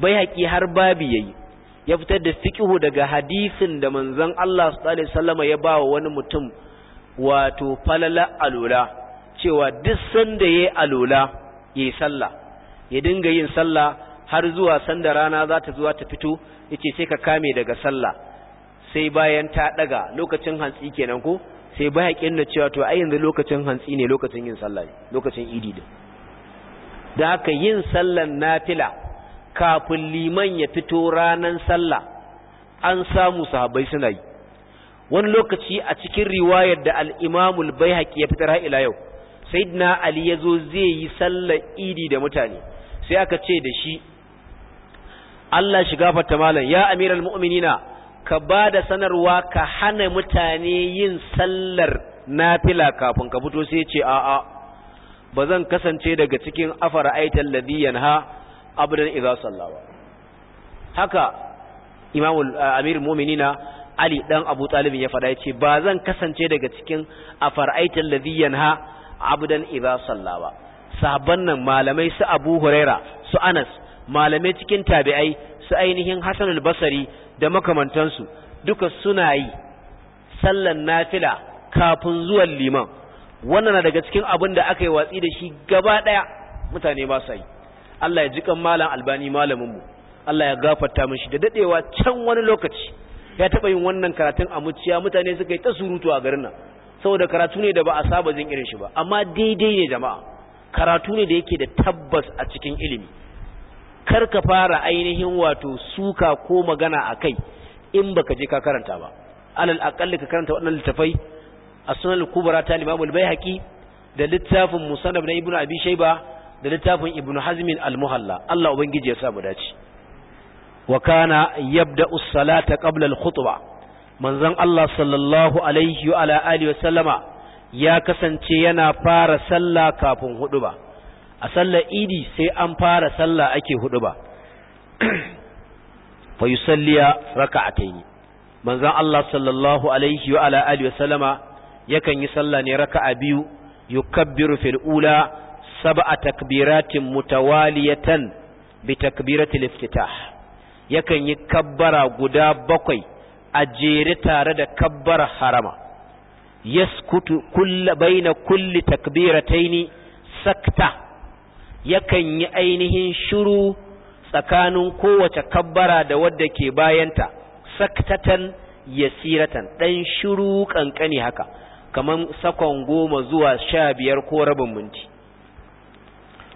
bai haƙi har babi yayi ya fitar da fiqhu daga hadisin da manzon Allah sallallahu alaihi wasallam ya ba wa wani mutum wato falala alula cewa duk sanda yayi alula yayi sallah ya dinga yin sallah har zuwa sanda rana za ta zuwa ta fito yace sai ka kame daga sallah sai bayan ta daga lokacin hantsi kenan ko sai baya da cewa to ai yanzu lokacin hantsi ne lokacin yin sallah lokacin idi din da haka yin sallan nafila kafin liman ya fito ranan sallah an samu sahabbai suna yi wani lokaci a cikin riwayar da al'imamul bai haƙi ya fitar ila yau sayyidina ali ya zo zai yi sallar idi da mutane sai aka ce da shi Allah shiga gafarta malam ya amiral mu'minina ka ba da sanarwa ka hana mutane yin sallar nafila kafin ka fito sai ce a'a ba zan kasance daga cikin afara aitan ladiyan ha abadan iza sallawa haka imamu eh, amir mu'minina ali dan abu talib ya fada yace ba zan kasance daga cikin afara aitan ladiyan ha abadan iza sallawa sahabban nan malamai su abu huraira su anas malamai cikin tabi'ai su ainihin hasan al da makamantansu duka suna yi sallan nafila kafin zuwan liman wannan na daga cikin abin da aka yi watsi da shi gaba ɗaya mutane ba sa yi Allah ya jikan malam albani malaminmu Allah ya gafarta min shi da dadewa can wani lokaci ya taɓa yin wannan karatun a muciya mutane suka yi ta surutu a garin nan saboda karatu ne da ba a saba jin irin shi ba amma daidai ne jama'a karatu ne da yake da tabbas a cikin ilimi kar ka fara ainihin wato suka ko magana a kai in baka je ka karanta ba alal aqalli ka karanta waɗannan littafai A sunan al-kubra ta Imam al-Baihaqi da littafin Musannaf na Ibn Abi Shayba da littafin Ibn Hazm al-Muhalla Allah ubangiji ya sa mu dace wa kana yabda'u as-salata qabla al Allah sallallahu alaihi wa ala wa ya kasance yana fara sallah kafin huduba a sallar idi sai an fara sallah ake huduba fa yusalliya raka'atayn manzon Allah sallallahu alaihi wa ala alihi wa sallama yakan yi sallah ne raka'a biyu yukabbiru fil ula sab'a takbiratin mutawaliyatan bi takbiratil iftitah yakan yi kabbara guda bakwai a jere tare da kabbar harama yaskutu kulla baina kulli takbirataini sakta yakan yi ainihin shiru tsakanin kowace kabbara da wadda ke bayanta saktatan yasiratan dan shiru kankani haka kaman sakon goma zuwa sha biyar ko rabin minti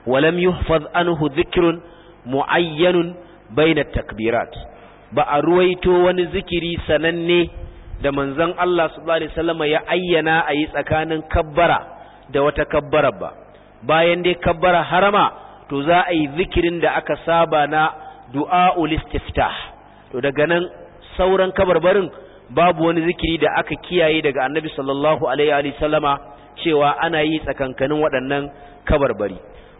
walam yuhfaz anhu dhikrun muayyanun baina takbirat ba a ruwaito wani zikiri sananne da manzon Allah sallallahu ya ayyana a yi tsakanin kabbara da wata kabbara ba bayan dai kabbara harama to za a yi zikirin da aka saba na du'a istiftah to daga nan sauran kabarbarin babu wani zikiri da aka kiyaye daga annabi sallallahu alaihi wa cewa ana yi tsakankanin waɗannan kabarbari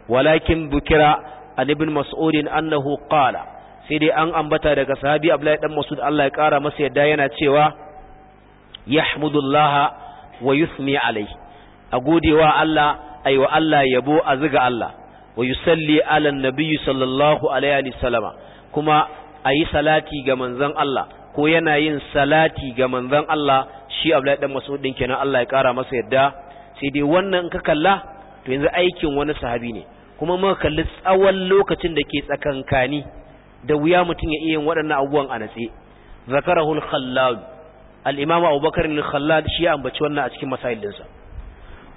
walakin bukira an ibn mas'udin annahu qala sai dai an ambata daga sahabi abdullahi dan mas'ud Allah ya kara masa yadda yana cewa yahmudullah wa yusmi alaihi a godewa Allah ai wa Allah yabo a ziga Allah wa yusalli ala nabiyyi sallallahu alaihi wa kuma ayi salati ga manzon Allah ko yana yin salati ga manzon Allah shi Abdullahi dan Mas'ud din kenan Allah ya kara masa yadda sai dai wannan ka kalla to yanzu aikin wani sahabi ne kuma muka kalli tsawon lokacin da ke tsakankani da wuya mutum ya iya yin waɗannan abubuwan a natse zakarahul khallad al-imam Abubakar al-khallal shi ya ambaci wannan a cikin masail dinsa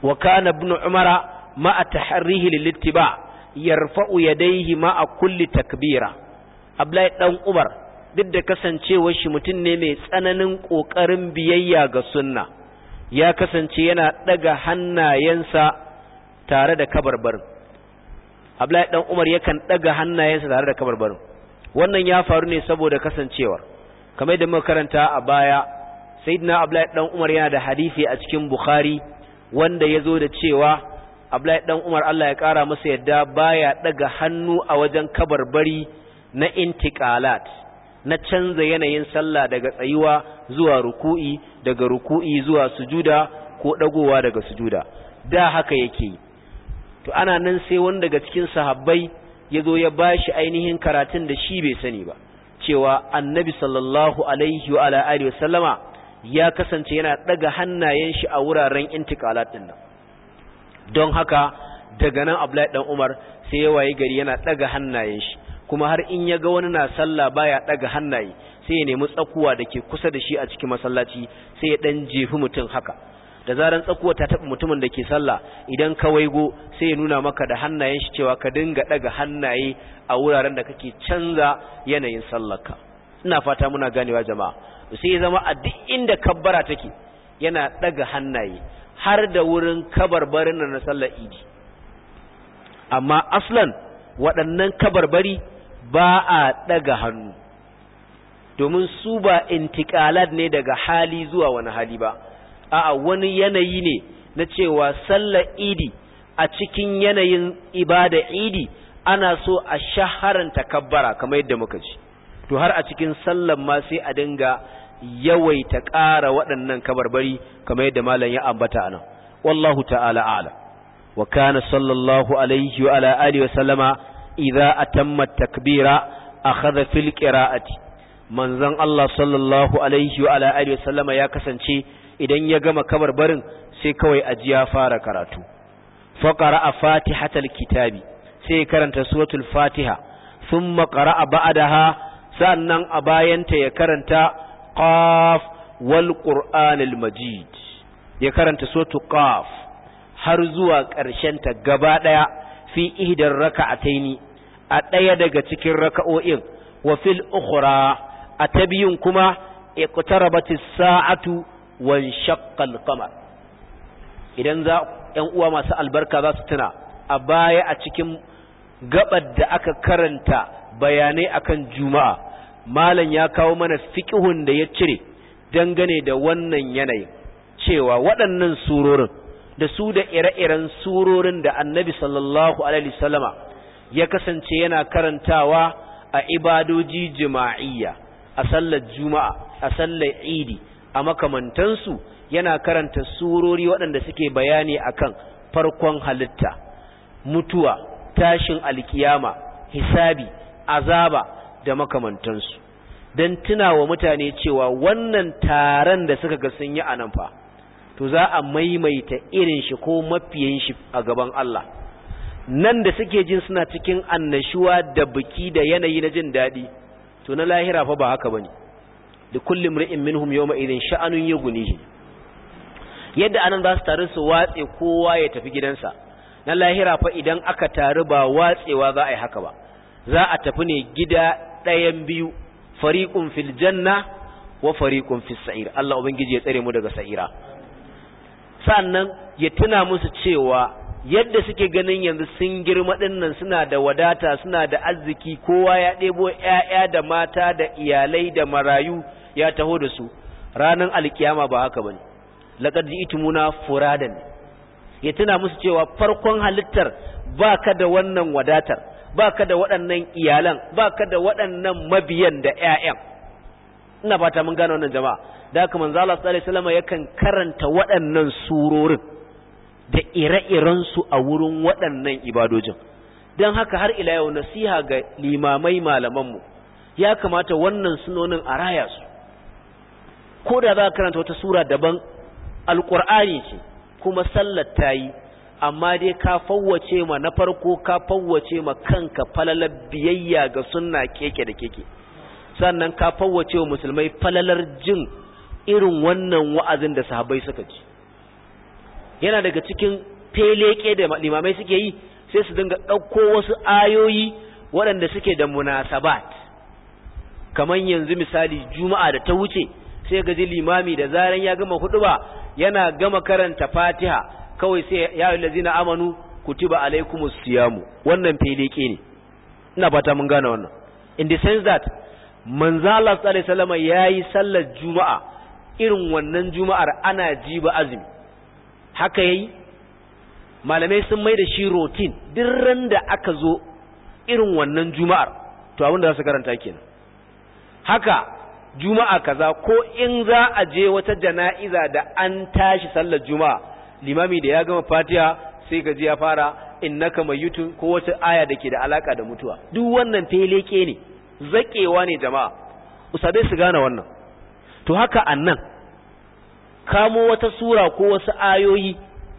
wa kana ibn umara ma atahrihi lilittiba yarfa'u yadayhi ma kulli takbira Abdullahi dan Umar duk da kasancewar shi mutum ne mai tsananin ƙoƙarin biyayya ga sunna ya kasance yana ɗaga hannayensa tare da kabarbarin Abdullahi dan Umar yakan ɗaga hannayensa tare da kabarbarin wannan ya faru ne saboda kasancewar kamar da muka karanta a baya sayyidina Abdullahi dan Umar yana da hadisi a cikin Bukhari wanda ya zo da cewa Abdullahi dan Umar Allah ya kara masa yadda baya ɗaga hannu a wajen kabarbari na intikalat. na canza yanayin sallah daga tsayuwa zuwa ruku'i daga ruku'i zuwa sujuda ko dagowa daga sujuda da haka yake yi to ana nan sai wani daga cikin sahabbai ya zo ya bashi ainihin karatun da shi bai sani ba cewa annabi sallallahu alaihi wa ala alihi wasallama ya kasance yana daga hannayen shi a wuraren intikalat din nan don haka daga nan Abdullahi dan Umar sai ya wayi gari yana daga hannayen shi kuma har in ya ga wani na sallah baya ɗaga hannaye sai ya nemi tsakuwa da ke kusa da shi a cikin masallaci sai ya ɗan jefi mutum haka da zaran tsakuwa ta taɓa mutumin da ke sallah idan ka waigo sai ya nuna maka da hannayen shi cewa ka dinga ɗaga hannaye a wuraren da kake canza yanayin sallarka ina fata muna ganewa jama'a sai ya zama a duk inda kabbara take yana ɗaga hannaye har da wurin kabarbarin na sallar idi amma aslan waɗannan kabarbari ba a ɗaga hannu domin su ba intikalat ne daga hali zuwa wani hali ba a wani yanayi ne na cewa sallar idi a cikin yanayin ibada idi ana so a shaharan takabbara kamar yadda muka ci to har a cikin sallar ma sai a dinga yawaita ƙara waɗannan kabarbari kamar yadda malam ya ambata anan wallahu ta'ala a'ala wa kana sallallahu alaihi wa ala alihi wa sallama idza atamma takbira akhadha fil qira'ati manzon Allah sallallahu alaihi wa ala alihi wasallama ya kasance idan ya gama kabarbarin sai kawai ajiya fara karatu fa qara'a fatihatal kitabi sai karanta suratul fatiha thumma qara'a ba'daha sannan a bayanta ya karanta qaf wal qur'anil majid ya karanta suratul qaf har zuwa ƙarshen ta gaba ɗaya. fi ihdar raka'ataini a ɗaya daga cikin raka'o'in wa fil ukhra a ta biyun kuma iqtarabatis sa'atu wan shaqqal qamar idan za ƴan uwa masu albarka za su tuna a baya a cikin gabar da aka karanta bayanai akan juma'a malam ya kawo mana fiqhun da ya cire dangane da wannan yanayin cewa waɗannan surorin da su da ire-iren surorin da annabi sallallahu alaihi wasallama ya kasance yana karantawa a ibadoji jima'iyya a sallar juma'a a sallar idi a makamantansu yana karanta surori waɗanda suke bayani akan farkon halitta mutuwa tashin alkiyama hisabi azaba da makamantansu don tuna wa mutane cewa wannan taron da suka ga sun yi a nan fa to za a maimaita irin shi ko mafiyan shi a gaban Allah nan da suke jin suna cikin annashuwa da biki da yanayi na jin daɗi to na lahira fa ba haka bane da kullum ri'in minhum yawma idin sha'anun yughnihi yadda anan za su taru su watse kowa ya tafi gidansa na lahira fa idan aka taru ba watsewa za a yi haka ba za a tafi ne gida ɗayan biyu fariqun fil janna wa fariqun fis sa'ir Allah ubangiji ya tsare mu daga sa'ira sannan ya tuna musu cewa yadda suke ganin yanzu sun girma dinnan suna da wadata suna da arziki kowa ya ɗebo ‘ya'ya da mata da iyalai da marayu ya taho da su ranar alkiyama ba haka ba ne laƙar ji itimuna furadan ya tuna musu cewa farkon halittar ba ka da wannan wadatar ba ka da waɗannan iyalan ba ka da waɗannan mabiyan da ‘ya'yan ina fata mun gane wannan jama'a da haka manzo Allah sallallahu alaihi wasallam yakan karanta waɗannan surorin da ire-iren su a wurin waɗannan ibadojin dan haka har ila yau nasiha ga limamai malaman mu ya kamata wannan sunonin a raya su ko da za ka karanta wata sura daban alqur'ani ce kuma sallar tayi amma dai ka fawwace ma na farko ka fawwace ma kanka falalar biyayya ga sunna keke da keke sannan ka fawwace wa musulmai falalar jin irin wannan wa'azin da sahabai suka ci yana daga cikin feleke da limamai suke yi sai su dinga ɗauko wasu ayoyi waɗanda suke da munasabat kamar yanzu misali juma'a da ta wuce sai ga ji limami da zaran ya gama ba yana gama karanta fatiha kawai sai ya yi lazina amanu kutiba alaikumus siyamu wannan feleke ne ina fata mun gane wannan in the sense that manzo Allah sallallahu alaihi wasallam yayi sallar juma'a irin wannan juma'ar ana ji ba azumi haka yayi malamai sun mai da shi routine duk ran da aka zo irin wannan juma'ar to abin da za su karanta kenan haka juma'a kaza ko in za a je wata jana'iza da an tashi sallar juma'a limami da ya gama fatiha sai gaji ya fara innaka mayyutun ko wata aya da ke da alaka da mutuwa duk wannan feleke ne zakewa ne jama'a usabe su gane wannan to haka annan kamo wata sura ko wasu ayoyi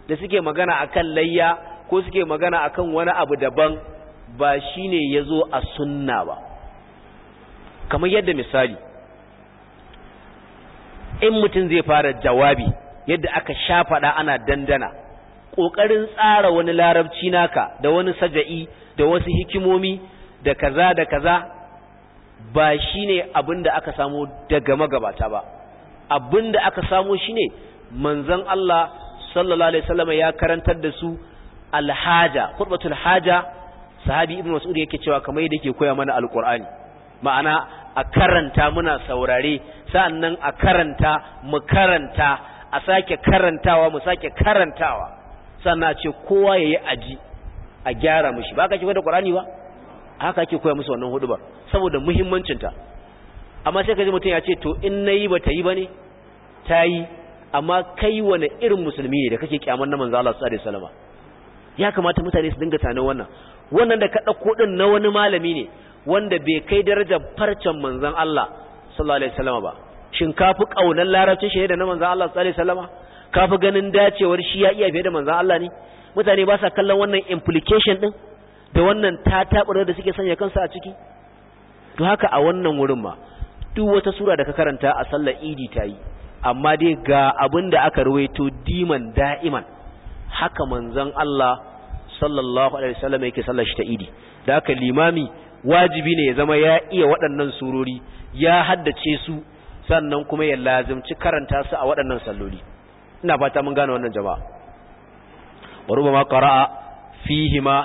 da suke magana akan layya ko suke magana akan wani abu daban ba shine yazo a sunna ba kamar yadda misali in mutum zai fara jawabi yadda aka sha faɗa ana dandana ƙoƙarin tsara wani larabci naka da wani saja'i da wasu hikimomi da kaza da kaza ba shi ne abin da aka samu daga magabata ba abin da aka samu ne manzan Allah sallallahu alaihi wasallama ya karantar da su alhaja khutbatul haja sahabi Ibn mas'ud yake cewa kamar yadda yake koya mana alqur'ani ma'ana a karanta muna saurare sa'annan a karanta mu karanta a sake karantawa mu sake karantawa sannan ce kowa yayi aji a gyara mushi ba ka ke da qur'ani ba haka ake koya musu wannan hudubar saboda muhimmancinta amma sai ka ji mutum ya ce to in na yi ba ta yi ba ne ta yi amma kai wani irin musulmi ne da kake kyamar na manzo Allah sallallahu alaihi ya kamata mutane su dinga tana wannan wannan da ka dauko na wani malami ne wanda bai kai darajar farcen manzon Allah sallallahu alaihi wasallam ba shin ka fi kaunar larabcin shi da na manzon Allah sallallahu alaihi wasallam ka fi ganin dacewar shi ya iya fiye da manzon Allah ne mutane ba sa kallon wannan implication din da wannan tatabar da suke sanya kansu a ciki to haka a wannan wurin ma duk wata sura da ka karanta a sallar idi ta yi amma dai ga abin da aka to diman da'iman haka manzon Allah sallallahu alaihi wasallam yake sallar shi ta idi da haka limami wajibi ne ya zama ya iya waɗannan surori ya haddace su sannan kuma ya lazimci karanta su a waɗannan salloli ina fata mun gane wannan jama'a wa rubama qara'a fihima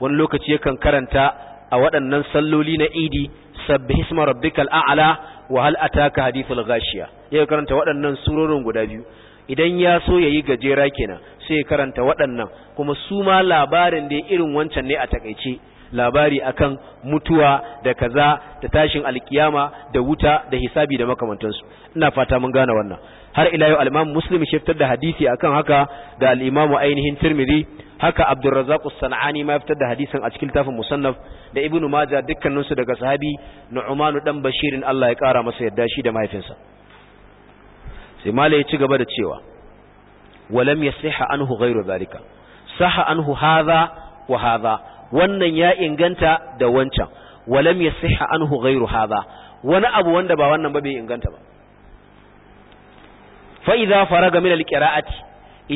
wani lokaci yakan karanta a waɗannan salloli na idi sabbihi isma rabbikal a'la wa hal ataka hadithul ghashiya ya karanta waɗannan surorin guda biyu idan ya so yayi gajera kenan sai ya karanta waɗannan kuma su ma labarin da irin wancan ne a takeice labari akan mutuwa da kaza da tashin alkiyama da wuta da hisabi da makamantansu ina fata mun gane wannan har ila yau al-Imam Muslim fitar da hadisi akan haka da al-Imam ainihin Tirmidhi haka Abdurrazzaq as-Sanani ma fitar da hadisin a cikin tafin Musannaf da Ibn Majah dukkanin su daga sahabi Nu'man dan Bashirin Allah ya kara masa yadda shi da mahaifinsa sai malai ya ci gaba da cewa walam yasiha anhu ghayru dhalika saha anhu hadha wa hadha wannan ya inganta da wancan walam yasiha anhu ghayru hadha wani abu wanda ba wannan ba bai inganta ba fa idza faraga min alqira'ati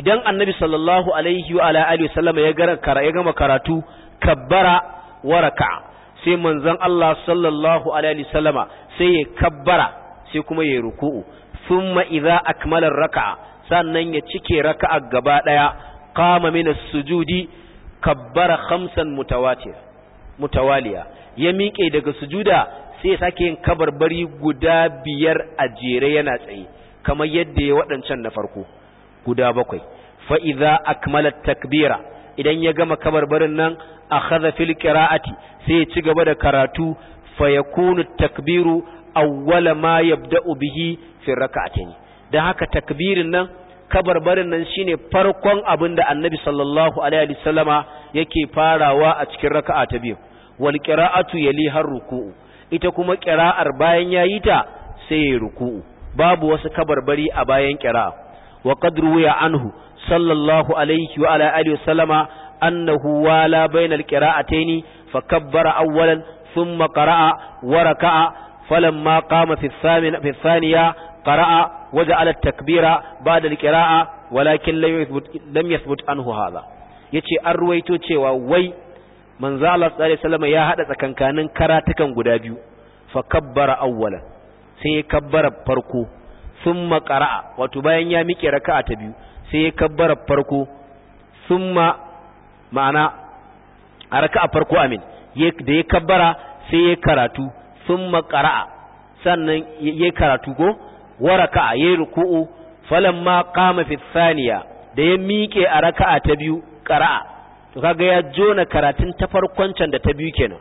idan annabi sallallahu alaihi wa ala alihi ya gama karatu kabbara wa raka'a sai manzon Allah sallallahu alaihi sallama sai ya kabbara sai kuma ya ruku'u ma'iza a akmala raka'a sannan ya cike raka'a gaba ɗaya. kama mina sujudi kabbara hamsan mutawaliya ya miƙe daga sujuda sai ya sake yin kabarbari guda biyar a jere yana tsaye kamar yadda ya waɗancan na farko guda bakwai fa'iza akmalar takbira idan ya gama kabarbarin nan a fil qira'ati sai ya ci gaba da karatu fa yakunu takbiru awwala ma yabda'u bihi fi rak'atayn Da haka takbirin nan kabarbarin nan shine farkon abin da annabi sallallahu alaihi wasallama yake farawa a cikin raka'a ta biyu wal ƙira'atu yali har ruku'u ita kuma ƙira'ar bayan yayi ta sai ruku'u babu wasu kabarbari a bayan kira wa qad ruwiya anhu sallallahu alaihi wa ala alihi wasallama annahu wala bainal qira'ataini fakabbara awwalan thumma qara'a wa raka'a falamma qama fi thamina fi thaniya qara'a takbira التكبير بعد القراءة Walakin لم يثبت لم يثبت عنه هذا yace an ruwaito cewa wai manzo Allah sallallahu alaihi wasallam ya hada tsakankanin karatukan guda biyu fa kabbara awwalan sai ya kabbara farko summa qara'a wato bayan ya miƙe raka'a ta biyu sai ya kabbara farko summa ma'ana a a farko amin da ya kabbara sai ya karatu summa qara'a sannan ya karatu ko wa a yi ruku'u falon ma fi fitsaniya da ya miƙe a raka'a ta biyu karaa to kaga ya jona karatun ta farkon can da ta biyu kenan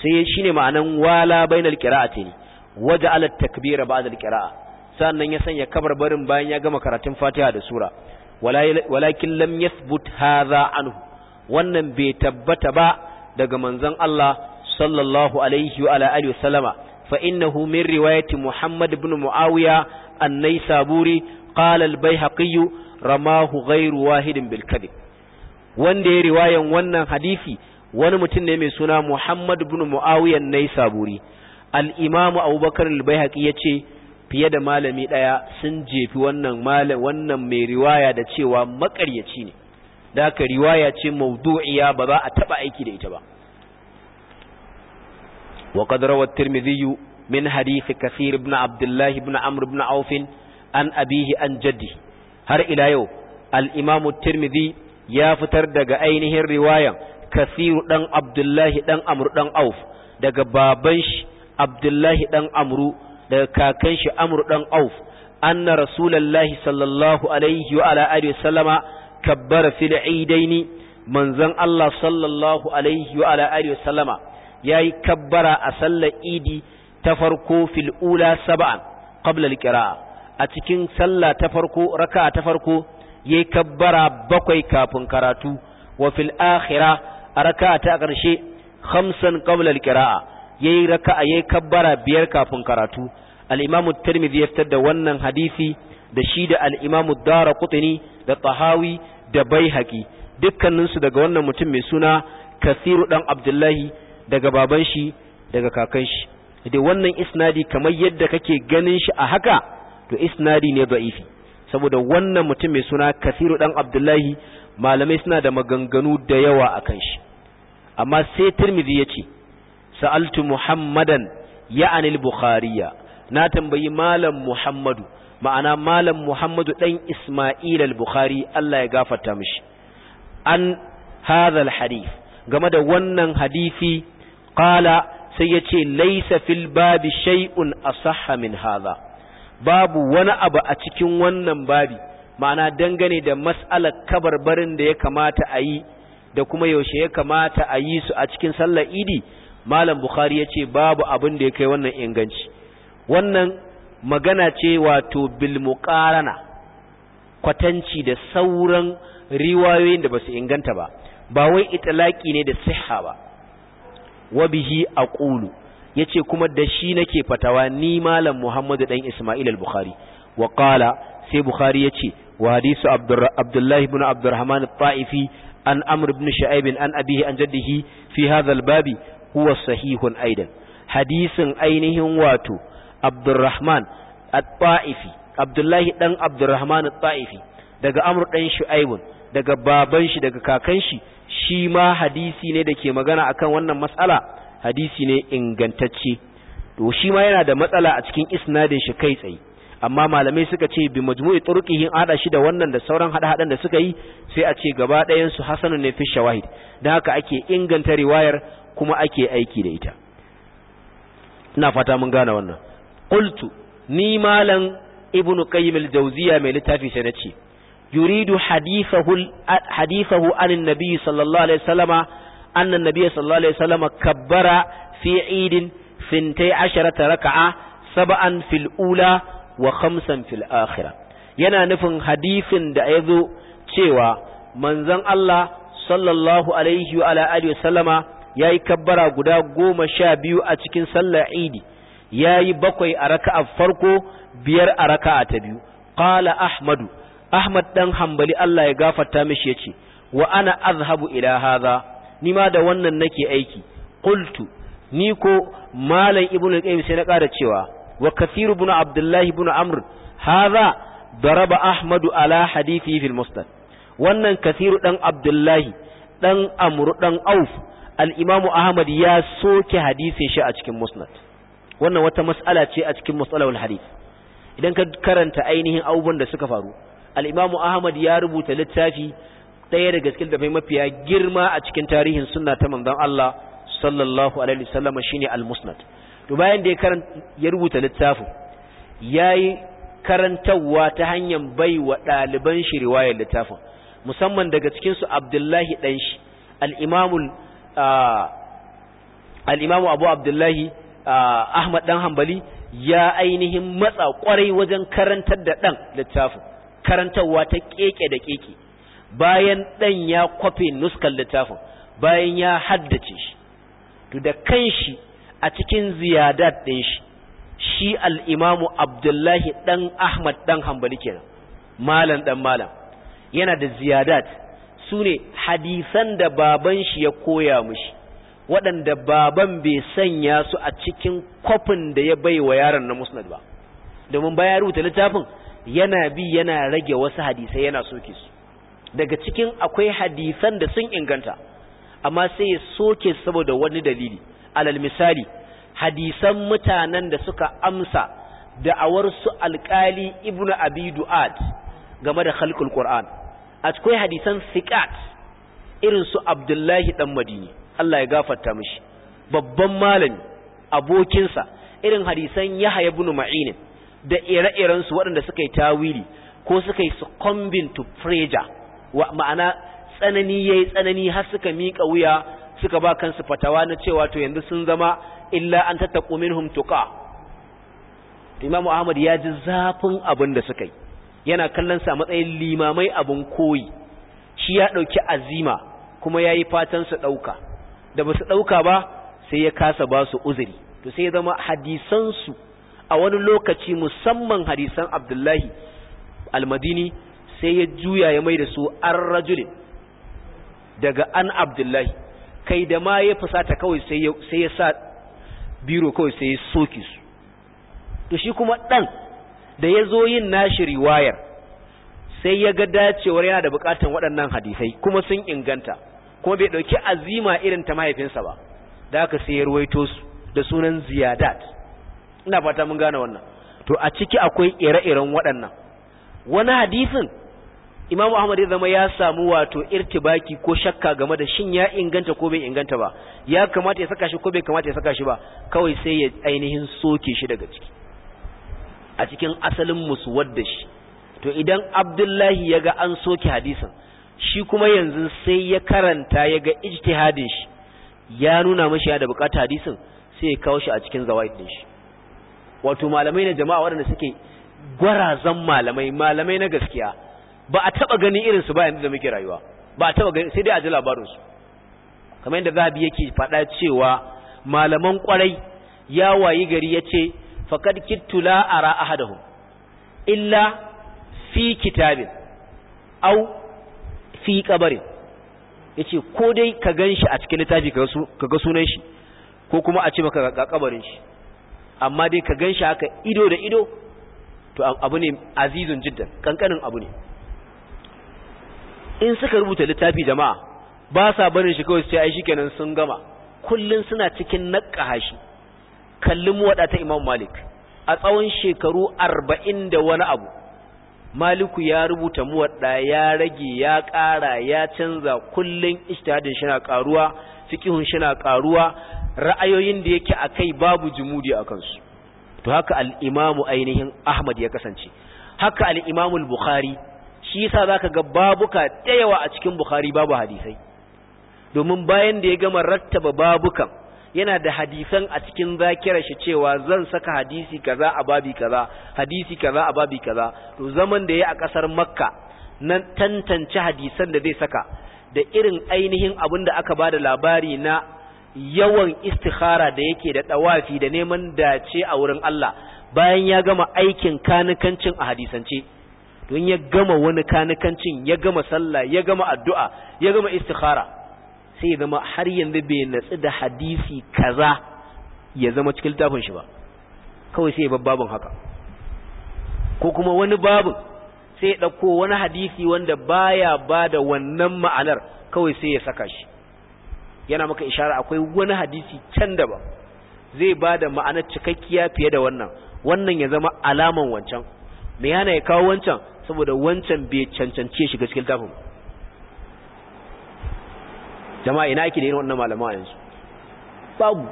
sai shine ma'anan wala bainal ne. waje alat takbira ba da kira'a sannan ya sanya kabar barin bayan ya gama karatun fatiha da sura walakin lam yathbut hadha anhu wannan bai tabbata ba daga manzon Allah sallallahu alaihi wa alihi wasallama fa innahu min riwayati Muhammad ibn Muawiya an-Naisaburi qala al-Baihaqi ramahu ghayru wahidin bil kadhib wanda ya riwayan wannan hadisi wani mutum ne mai suna Muhammad ibn Muawiya an-Naisaburi al-imamu abubakar al ya ce fiye da malami ɗaya sun jefi wannan wannan mai riwaya da cewa makaryaci ne da aka riwaya ce mawdu'iya ba za a taɓa aiki da ita ba wa qad rawa at-tirmidhi min hadith kathir ibn abdullah ibn amr ibn auf an abihi an jaddi har ila yau al imamu at-tirmidhi ya fitar daga ainihin riwayan Kasiru dan Abdullahi dan amr dan auf daga baban shi abdullahi ɗan amru daga kakan shi amru ɗan auf anna rasulullahi sallallahu alaihi wa ala alihi sallama kabbara fil eidaini manzon Allah sallallahu alaihi wa ala alihi sallama yayi kabbara a sallar idi ta farko fil ula sab'an qabla al a cikin sallah ta farko raka'a ta farko yayi kabbara bakwai kafin karatu wa fil akhirah a raka'a ta ƙarshe khamsan qabla al yayi raka'a yayi kabbara biyar kafin karatu al-Imam at-Tirmidhi yaftar da wannan hadisi da shi da al-Imam ad-Darqutni da Tahawi da Baihaqi dukkanin su daga wannan mutum mai suna Kasiru dan Abdullahi daga baban shi daga kakan shi da wannan isnadi kamar yadda kake ganin shi a haka to isnadi ne da'ifi saboda wannan mutum mai suna Kasiru dan Abdullahi malamai suna da maganganu da yawa akan shi amma sai Tirmidhi ya ce sa'altu muhammadan ya'anil bukhariya na tambayi malam muhammadu ma'ana malam muhammadu ɗan isma'il al-bukhari Allah ya gafata mishi an hadha hadif game da wannan hadisi ƙala sai yace laysa fil babi shay'un asahha min hadha babu wani abu a cikin wannan babi ma'ana dangane da mas'alar barin da ya kamata a yi da kuma yaushe ya kamata a yi su a cikin sallar idi malam bukhari ya ce babu abin da ya kai wannan inganci wannan magana ce wato bil kwatanci da sauran riwayoyin da basu inganta ba ba wai laƙi ne da siha ba a bihi ya yace kuma da shi nake fatawa ni malam muhammadu dan isma'il al-bukhari wa sai bukhari yace wa hadisu abdullahi ibn abdurrahman at-ta'ifi an Amur ibn shu'aib an abihi an jaddihi fi hadha babi huwa sahihun aidan hadisin ainihin wato Abdurrahman at-Ta'ifi Abdullahi dan Abdurrahman at-Ta'ifi daga Amr dan Shu'aib daga baban shi daga kakan shi shi ma hadisi ne dake magana akan wannan matsala hadisi ne ingantacce to shi ma yana da matsala a cikin isnadin shi kai tsaye amma malamai suka ce bi majmu'i turqihi hada shi da wannan da sauran hada-hadan da suka yi sai a ce gaba ɗayan su hasanun ne fi shawahid dan haka ake inganta riwayar kuma ake aiki da ita ina fata mun gane wannan qultu ni malan ibnu qayyim al-jawziya mai littafi sai nace yuridu hadithahu hadithahu anin nabiy sallallahu alaihi wasallama anna an-nabiy sallallahu alaihi wasallama kabbara fi eidin fintai asharata raka'a sab'an fil ula wa khamsan fil akhirah yana nufin hadithin da yazo cewa manzon Allah sallallahu alaihi wa ala alihi wasallama ya yi kabbara guda goma sha biyu a cikin sallar idi ya yi bakwai a raka'a farko biyar a raka'a ta biyu qala ahmadu ahmad dan hambali Allah ya gafarta mishi yace wa ana azhabu ila haza ni ma da wannan nake aiki qultu ni ko malam ibnu qayyim sai na ƙara cewa wa kathiru ibn abdullahi ibn amr hadha daraba ahmadu ala hadithi fil musnad wannan kathiru dan abdullahi dan amru dan auf al'imamu ahmad ya soke hadisin shi a cikin musnad wannan wata mas'ala ce a cikin matsalar hadis idan ka karanta ainihin abubuwan da suka faru al'imamu ahmad ya rubuta littafi ɗaya da gaske da mafiya girma a cikin tarihin suna ta manzan Allah sallallahu alaihi wasallam shine al-musnad to bayan da ya rubuta littafin yayi karantawa ta hanyar bai wa ɗaliban shi riwayar littafin musamman daga cikin su Abdullahi dan shi al-imamul al'imamu abu abdullahi ahmad dan hambali ya ainihin matsa kwarai wajen karantar da ɗan littafin karantarwa ta keke da keke bayan ɗan ya kwafe nuskan littafin bayan ya haddace shi to da kanshi a cikin ziyadat ɗin shi shi al'imamu abdullahi ɗan ahmad ɗan hambali kenan malam ɗan malam yana da ziyadat su ne hadisan da baban shi ya koya mushi waɗanda baban bai sanya su a cikin kwafin da ya bai wa yaron na musnad ba domin baya rubuta littafin yana bi yana rage wasu hadisai yana soke su daga cikin akwai hadisan da sun inganta amma sai ya soke saboda wani dalili alal misali hadisan mutanen da suka amsa da'awar su alkali ibnu abi du'at game da khalqul qur'an A cikin hadisan Sikat irin su Abdullahi ɗan Madini Allah ya gafarta mishi babban malami abokinsa irin hadisan Yahaya bunu ma'inin da ire-iren su waɗanda suka yi tawili ko suka yi succumbing to wa ma'ana tsanani ya yi tsanani har suka miƙa wuya suka ba kansu fatawa na cewa to yanzu sun zama illa an tattaƙo minhum tuqa imamu Ahmad ya ji zafin abin da suka yi yana kallon sa matsayin limamai abun koyi shi ya dauki azima kuma yayi fatan su dauka da basu dauka ba sai ya kasa ba su uzuri to sai ya zama hadisan su a wani lokaci musamman hadisan Abdullahi al-Madini sai ya juya ya mai da su ar rajul daga an Abdullahi kai da ma ya fusata kawai sai ya sa biro kawai sai ya soki su to shi kuma dan da ya zo yin nashi riwayar sai ya ga dacewar yana da bukatan waɗannan hadisai kuma sun inganta kuma bai ɗauki azima irin ta mahaifinsa ba da aka sai ya ruwaito da sunan ziyadat ina fata mun gane wannan to a ciki akwai ire-iren waɗannan wani hadisin imamu ahmad ya zama ya samu wato irtibaki ko shakka game da shin ya inganta ko bai inganta ba ya kamata ya saka shi ko bai kamata ya saka shi ba kawai sai ya ainihin soke shi daga ciki a cikin asalin musuwar da shi to idan abdullahi ya ga an soke hadisin shi kuma yanzu sai ya karanta ya ga ijtihadin shi ya nuna mashi ya da bukata hadisin sai ya kawo shi a cikin zawaid din shi wato malamai na jama'a waɗanda suke gwarazan malamai malamai na gaskiya ba a taba ganin irin su ba yanzu da muke rayuwa ba a taba ganin sai dai a ji labarin su kamar yadda zabi yake faɗa cewa malaman kwarai ya wayi gari ya ce faqad kittu la ara ahadahum illa fi kitabin au fi kabarin yace ko dai ka ganshi a cikin littafi ka ga sunan shi ko kuma a ce maka ga kabarin shi amma dai ka ganshi haka ido da ido to abu ne azizun jiddan kankanin abu ne in suka rubuta littafi jama'a ba sa barin shi kawai su ce ai shikenan sun gama kullun suna cikin naƙa hashi. Kallin muwaɗa ta imam malik a tsawon shekaru arba'in da wani abu maliku ya rubuta muwaɗa ya rage ya ƙara ya canza kullum ishtihadin shi na ƙaruwa fikihun shi na ƙaruwa ra'ayoyin da yake akai babu jumudi a kansu to haka al'imamu ainihin ahmad ya kasance haka al'imamul bukhari shi yasa zaka ka ga babuka ɗayawa a cikin bukhari babu hadisai domin bayan da ya gama rattaba babukan yana da hadisan a cikin zakirar shi cewa zan saka hadisi kaza a babi kaza hadisi kaza a babi kaza to zaman da ya a kasar makka na tantance hadisan da zai saka da irin ainihin abin da aka bada labari na yawan istikhara da yake da dawafi da neman dace a wurin Allah bayan ya gama aikin kanikancin a hadisance don ya gama wani kanikancin ya gama sallah ya gama addu'a ya gama istikhara sai zama har yanzu bai natsu da hadisi kaza ya zama cikin littafin shi ba kawai sai ya babbabin haka ko kuma wani babin sai ya ɗauko wani hadisi wanda baya ba da wannan ma'anar kawai sai ya saka shi yana maka ishara akwai wani hadisi can da ba zai ba da ma'anar cikakkiya fiye da wannan wannan ya zama alaman wancan me yana ya kawo wancan saboda wancan bai cancance shi cikin littafin ba jama'a ina yake da irin wannan malama yanzu babu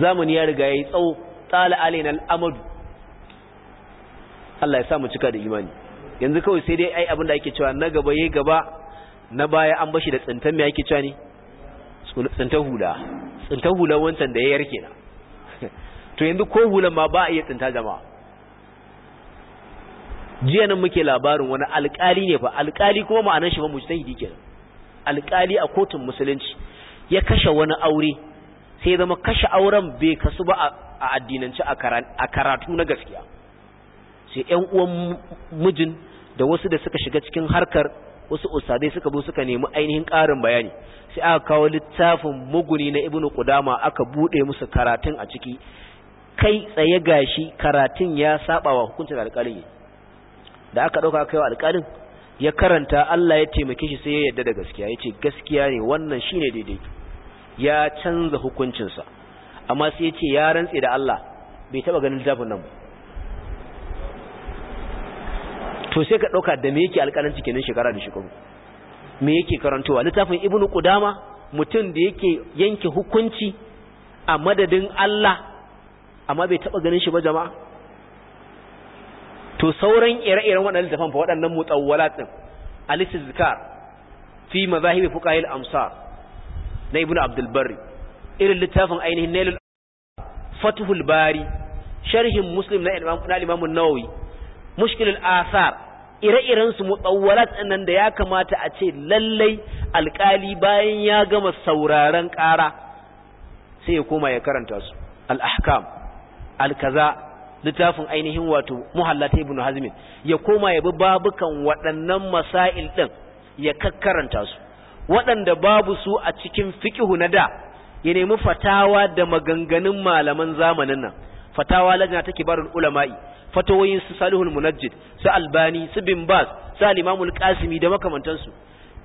zamani ya riga yayi tsawo tsala alaina al'amadu Allah ya sa mu cika da imani yanzu kawai sai dai ai abin da ake cewa na gaba yayi gaba na baya an bashi da tsintan me ake cewa ne tsintan hula tsintan hula wancan da ya yarke na to yanzu ko hulan ma ba a iya tsinta jama'a jiya nan muke labarin wani alƙali ne fa alƙali kuma ma'anar shi ba mujtahidi kenan Alƙali a kotun musulunci ya kashe wani aure sai zama kashe auren bai kasu ba a addinance a karatu na gaskiya sai yan uwan mijin da wasu da suka shiga cikin harkar wasu ustadai suka bu suka nemi ainihin ƙarin bayani sai aka kawo littafin muguni na ibnu qudama aka bude musu karatun a ciki kai tsaye gashi karatun ya saba wa hukuncin alƙalin da aka dauka kai wa alƙalin ya karanta Allah ya taimake shi sai ya yarda da gaskiya yace gaskiya ne wannan shine daidai ya canza hukuncinsa amma sai yace ya rantse da Allah bai taba ganin littafin nan ba to sai ka dauka da me yake alƙalanci kenan shekara da shekaru me yake karantowa littafin ibnu qudama mutum da yake yanke hukunci a madadin Allah amma bai taba ganin shi ba jama'a to sauran ire-iren waɗannan littafan fa waɗannan mutawwalat din al-istizkar fi mazahib fuqaha al-amsar na ibnu abdul barri irin littafin ainihin nailul fathul bari sharhin muslim na al-imam an-nawawi mushkil asar ire-iren su mutawwalat nan da ya kamata a ce lallai alkali bayan ya gama sauraron ƙara sai ya koma ya karanta su al-ahkam al-kaza littafin ainihin wato muhalla ta ibnu hazmin ya koma ya bi babukan waɗannan masail ɗin ya kakkaranta su waɗanda babu su a cikin fiqhu na da ya nemi fatawa da maganganun malaman zamanin nan fatawa lajna ta kibarul ulama'i fatawoyin su salihul munajjid su albani su bin bas su alimamul kasimi da makamantansu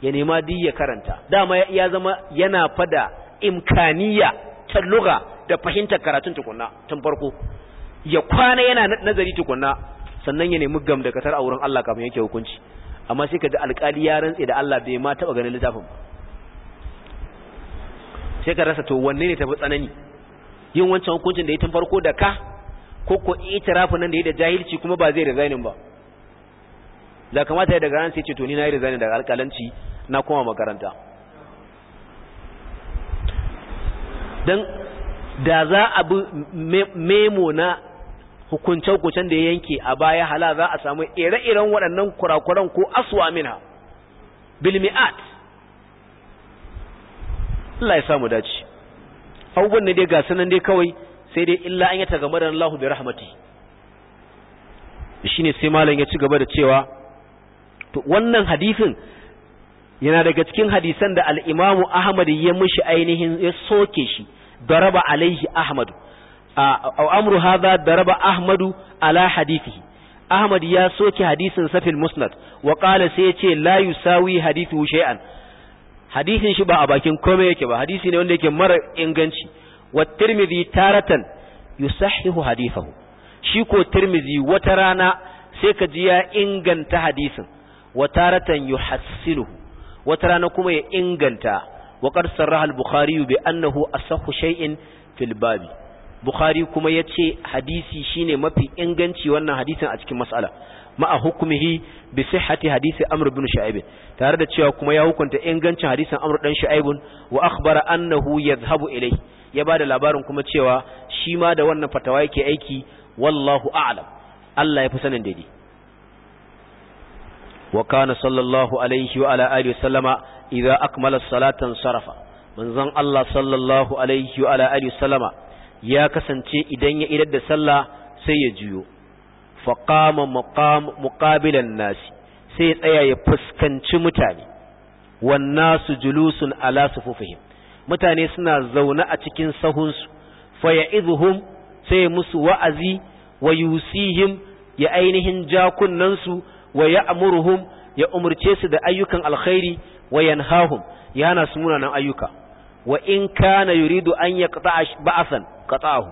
ya nema di ya karanta dama ya zama yana fada imkaniya ta lugha da fahimtar karatun tukunna tun farko ya kwana yana nazari tukunna sannan ya nemi gamdakatar a wurin Allah kafin yake hukunci amma sai ji alƙali ya rantse da Allah bai ma taba ganin littafin ba sai ka rasa to wanne ne tafi tsanani yin wancan hukuncin da ya tun farko da ka ko ko itirafin nan da ya da jahilci kuma ba zai resignin ba da kamata ya daga ran sai ce to ni na yi resignin daga alƙalanci na koma makaranta dan da za a bi memo na hukunce-hukuncen da ya yanke a baya hala za a samu ire-iren waɗannan kurakuran ko aswa mina bilmi'at Allah ya samu dace abubuwan ne dai ga sanan dai kawai sai dai illa an yi ta gama da Allah bi rahmati ne sai malam ya ci gaba da cewa to wannan hadisin yana daga cikin hadisan da al-Imam Ahmad ya mushi ainihin ya soke shi daraba alaihi Ahmad a amru hadha daraba ahmadu ala hadithihi ahmad ya soke hadisin safil musnad wa qala sai yace la yusawi hadithu shay'an hadisin shi ba a bakin komai yake ba hadisi ne wanda yake mara inganci wa tirmidhi taratan yusahihu hadithahu shi ko tirmidhi wata rana sai ka ji ya inganta hadisin wa taratan yuhassinuhu wata rana kuma ya inganta wa qad sarraha al-bukhari bi annahu asahhu shay'in fil babi bukhari kuma ya ce hadisi shine mafi inganci wannan hadisin a cikin mas'ala ma'a hukumihi bi sihhati hadisi amr ibn shu'aib tare da cewa kuma ya hukunta ingancin hadisin amr dan shu'aib wa akhbara annahu yadhhabu ilayhi ya bada labarin kuma cewa shi ma da wannan fatawa yake aiki wallahu a'lam Allah ya fi sanin daidai wa kana sallallahu alaihi wa ala alihi wa sallama idza akmala salatan sarafa manzon Allah sallallahu alaihi wa ala alihi wa sallama ya kasance idan ya idar da sallah sai ya juyo faqama muqabilan nasi sai ya tsaya ya fuskanci mutane wan nasu julusun ala sufufihim mutane suna zauna a cikin sahunsu fa ya'idhuhum sai musu wa'azi wa yusihim ya ainihin jakunnansu wa ya'muruhum ya umurce su da ayyukan alkhairi wa yanhahum ya hana su munanan ayyuka wa in kana yuridu an ya ba'san qata'ahu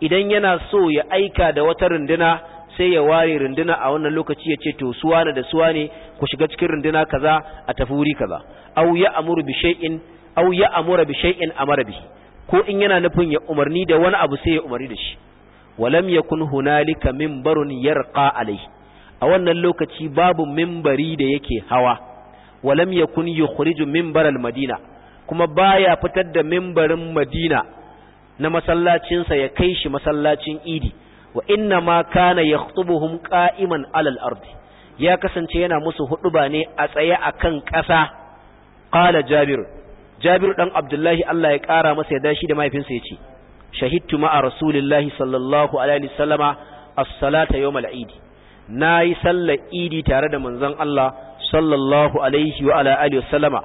idan yana so ya aika da wata runduna sai ya ware runduna a wannan lokaci ya ce to suwa da suwane ku shiga cikin runduna kaza a tafi wuri kaza aw ya amuru bi shay'in aw ya amura bi shay'in amara bihi ko in yana nufin ya umarni da wani abu sai ya umari da shi walam yakun hunalika minbarun yarqa alayhi a wannan lokaci babu minbari da yake hawa walam yakun yukhriju minbaral madina kuma baya fitar da mimbarin madina na masallacinsa ya kai shi masallacin idi wa inna ma kana yakhutubuhum qa'iman alal ardi ya kasance yana musu huɗuba ne a tsaye a kan ƙasa Ƙala jabir jabir ɗan abdullahi Allah ya ƙara masa ya shi da mahaifinsa ce. shahidtu ma'a rasulillahi sallallahu alaihi wasallama as-salata yawm al-eid nayi sallar idi tare da manzon Allah sallallahu alaihi wa ala alihi wasallama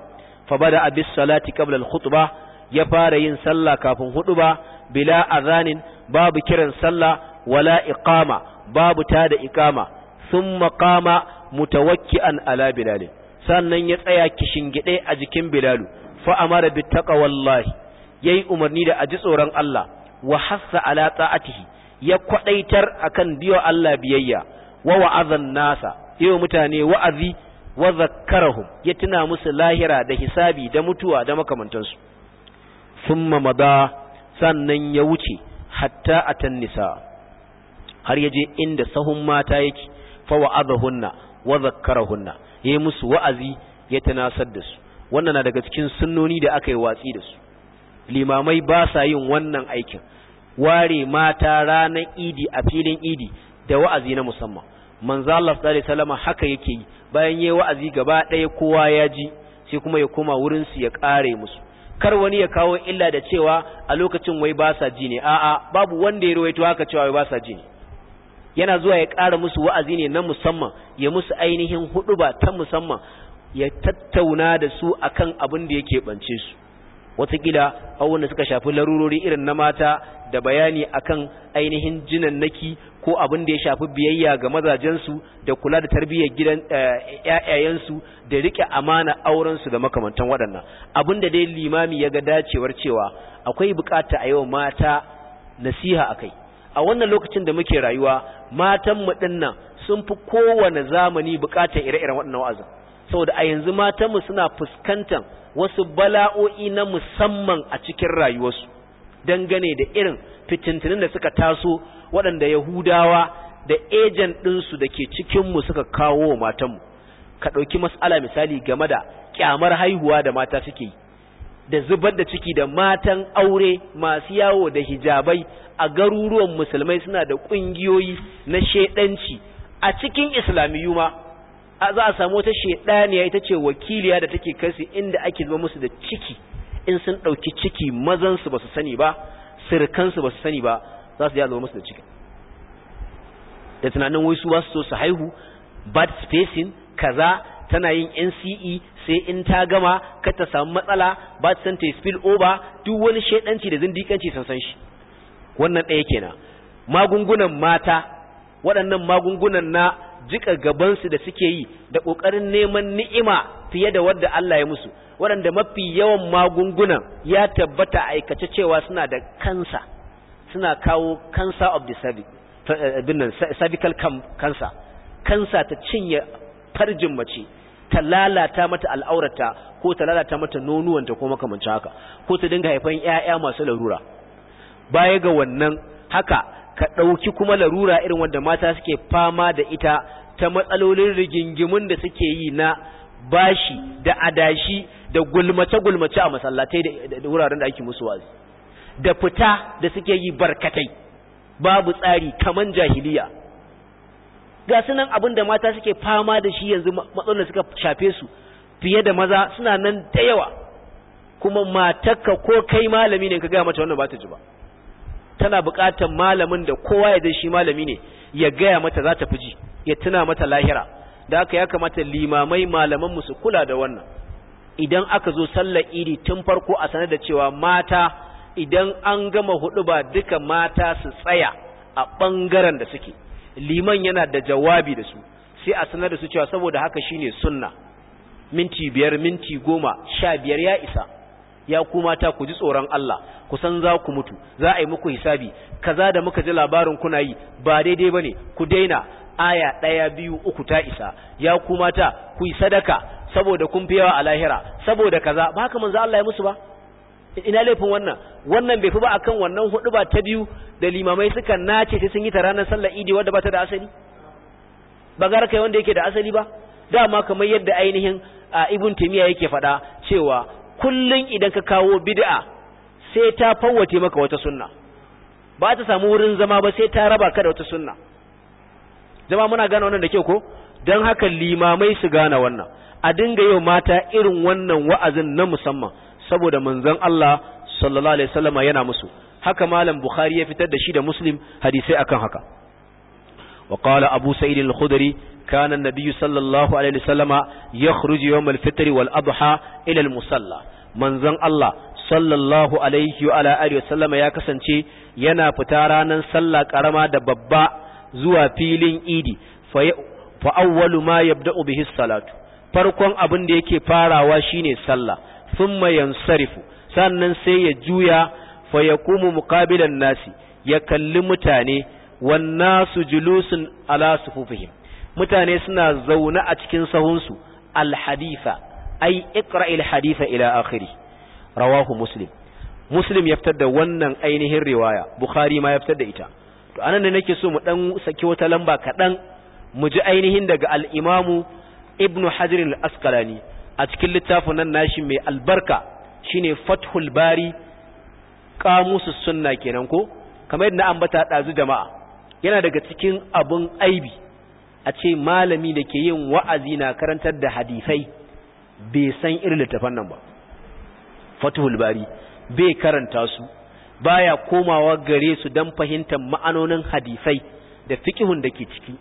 fa da abis salati qabla al ya fara yin sallah kafin huɗuba bila azanin babu kiran sallah wala iqama babu tada iqama thumma qama mutawakki'an ala bilal sannan ya tsaya kishin kishingide a jikin bilal fa amara bi taqwallahi yayi umarni da aji tsoron Allah wa hassa ala ta'atihi ya kwadaitar akan biyo Allah biyayya wa wa'azan nasa yau mutane wa'azi wa zakkarahum ya tuna musu lahira da hisabi da mutuwa da makamantansu thumma mada sannan ya wuce hatta atan nisa har yaje inda sahun mata yake fa wa'adahunna wa zakkarahunna yayi musu wa'azi ya tunasar da su wannan na daga cikin sunnoni da aka yi watsi da su limamai ba sa yin wannan aikin ware mata ranar idi a filin idi da wa'azi na musamman manzo Allah sallallahu alaihi wasallam haka yake yi bayan yayi wa'azi gaba ɗaya kowa ya ji sai kuma ya koma wurin su ya kare musu kar wani ya kawo illa da cewa a lokacin wai ba sa ji ne a'a babu wanda ya rawaito haka cewa wai ba sa ji ne yana zuwa ya ƙara musu wa'azi ne na musamman ya musu ainihin huduba ta musamman ya tattauna da su akan abin da yake bance su watakila abubuwan da suka shafi larurori irin na mata da bayani akan ainihin jinannaki ko abin da ya shafi biyayya ga mazajensu da kula da tarbiyyar gidan eh, ƴaƴayensu da rike amana aurensu da makamantan waɗannan abinda dai limami ya ga dacewar cewa akwai bukata a yau mata nasiha akai a wannan lokacin da muke rayuwa matan mu dinnan sun fi kowane zamani bukatar ire-iren waɗannan wa'azi saboda a yanzu matan mu suna fuskantar wasu bala'o'i na musamman a cikin rayuwarsu dangane da irin fitintunin da suka taso waɗanda yahudawa da ejen ɗinsu da ke cikinmu suka kawo wa matanmu ka ɗauki mas'ala misali game da ƙyamar haihuwa da mata suke yi da zubar da ciki da matan aure masu yawo da hijabai a garuruwan musulmai suna da ƙungiyoyi na shaidanci a cikin islamiyu ma za a samu ta shaidaniya ita ce wakiliya da take kai inda ake zama musu da ciki in sun ɗauki ciki mazansu ba su sani ba sirkansu ba su sani ba za su yi musu da ciki da tunanin wai su ba su so su haihu bad spacing kaza tana yin NCE sai in ta gama kar ta samu matsala ba ta san spill over duk wani shaidanci da zindikanci sansan san shi wannan ɗaya kenan magungunan mata waɗannan magungunan na jika gabansu da suke yi da ƙoƙarin neman ni'ima fiye da wadda Allah ya musu waɗanda mafi yawan magungunan ya tabbata aikace cewa suna da kansa suna kawo cancer of the eh, cervical cancer kansa ta cinye farjin mace ta lalata mata al'aurata ko ta lalata mata nonuwanta ko makamancin haka ko ta dinga haifan 'ya'ya masu larura baya ga wannan haka ka ɗauki kuma larura irin wanda mata suke fama da ita ta matsalolin rigingimun da suke yi na bashi da adashi da gulmace-gulmace a masallatai da wuraren da ake musu wazi da fita da suke yi barkatai babu tsari kaman jahiliya ga sunan abin da mata suke fama da shi yanzu matsalolin suka shafe su fiye da maza suna nan ta yawa kuma matakka ko kai malami ne ka gaya mata wannan ba ta ji ba tana buƙatar malamin da kowa ya shi malami ne ya gaya mata za ta fi ji ya tuna mata lahira da aka ya kamata limamai malaman su kula da wannan idan aka zo sallar iri tun farko a sanar da cewa mata idan an gama hudu ba duka mata su tsaya a ɓangaren da suke liman yana da jawabi da su sai a sanar da su cewa saboda haka shine sunna minti biyar minti goma sha biyar ya isa ya ku mata ku ji tsoron Allah ku san za ku mutu za a yi muku hisabi kaza da muka ji labarin kuna yi ba daidai bane ku daina aya ɗaya biyu uku ta isa ya ku mata ku yi sadaka saboda kun fi yawa a lahira saboda kaza ba haka manzo Allah ya musu ba ina laifin wannan wannan bai fi ba akan wannan hudu ba ta biyu da limamai suka nace sai sun yi ta ranar sallar idi wadda ba ta da asali ba kai wanda yake da asali ba dama kamar yadda ainihin a ibn timiya yake faɗa cewa kullun idan ka kawo bid'a sai ta fawwace maka wata sunna ba ta samu wurin zama ba sai ta raba ka da wata sunna jama muna gane wannan da kyau ko dan haka limamai su gane wannan a dinga yau mata irin wannan wa'azin na musamman saboda manzon Allah sallallahu alaihi wasallama yana musu haka malam bukhari ya fitar da shi da muslim hadisai akan haka wa qala abu sa'id al كان النبي صلى الله عليه وسلم يخرج يوم الفطر والأضحى إلى المصلى منزن الله صلى الله عليه وعلى آله وسلم يا كسنشي ينا فتارانا صلى كرما دببا زوا فيلين إيدي في فأول ما يبدأ به الصلاة farkon abin da yake farawa shine sallah thumma yansarifu sannan sai ya juya fa yaqumu muqabilan nasi ya kalli mutane wan nasu julusun ala sufufihim mutane suna zaune a cikin sahunsu alhadifa ai iqra'il hadifa ila akhiri rawahu muslim muslim ya fitar da wannan ainihin riwaya bukhari ma ya fitar da ita to anan ne nake so mu dan saki wata lamba kadan mu ji ainihin daga al-imamu ibn hajar al-asqalani a cikin littafin nan nashi mai albarka shine fathul bari kamusu sunna kenan ko kamar yadda ambata dazu jama'a yana daga cikin abun aibi a ce malami da ke yin wa'azi na karantar da hadisai bai san irin littafan nan ba fatuhul bari bai karanta su baya komawa gare su don fahimtar ma'anonin hadisai da fikihun da ke ciki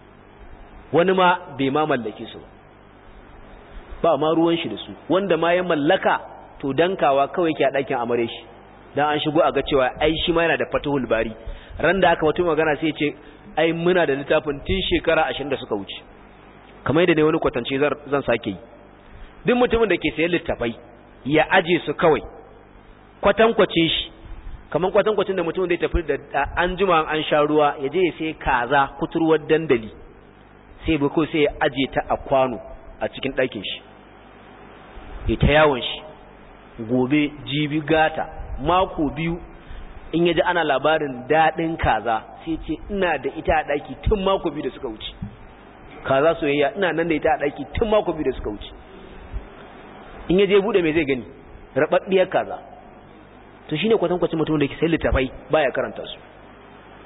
wani ma bai ma mallake su ba ma ruwan shi da su wanda ma ya mallaka to dankawa kawai ke a ɗakin amare shi don an shigo a ga cewa ai shi ma yana da fatuhul bari ran da aka mutum magana sai ce ai muna da littafin tun shekara ashirin da suka wuce kamar yadda ne wani kwatance zan sake yi duk mutumin da ke sayan littafai ya aje su kawai kwatankwace shi kamar kwatankwacin da mutumin da tafi da an juma an sha ruwa ya je ya sai kaza kuturwar dandali sai bako sai ya aje ta a kwano a cikin ɗakin shi ya ta yawon shi gobe jibi gata mako biyu in yaji ana labarin daɗin kaza sai ce ina da ita a ɗaki tun mako biyu da suka wuce kaza soyayya ina nan da ita a ɗaki tun mako biyu da suka wuce in ya bude mai zai gani raɓaɓɓiyar kaza to shine kwatankwacin mutum da ke sai littafai baya karanta su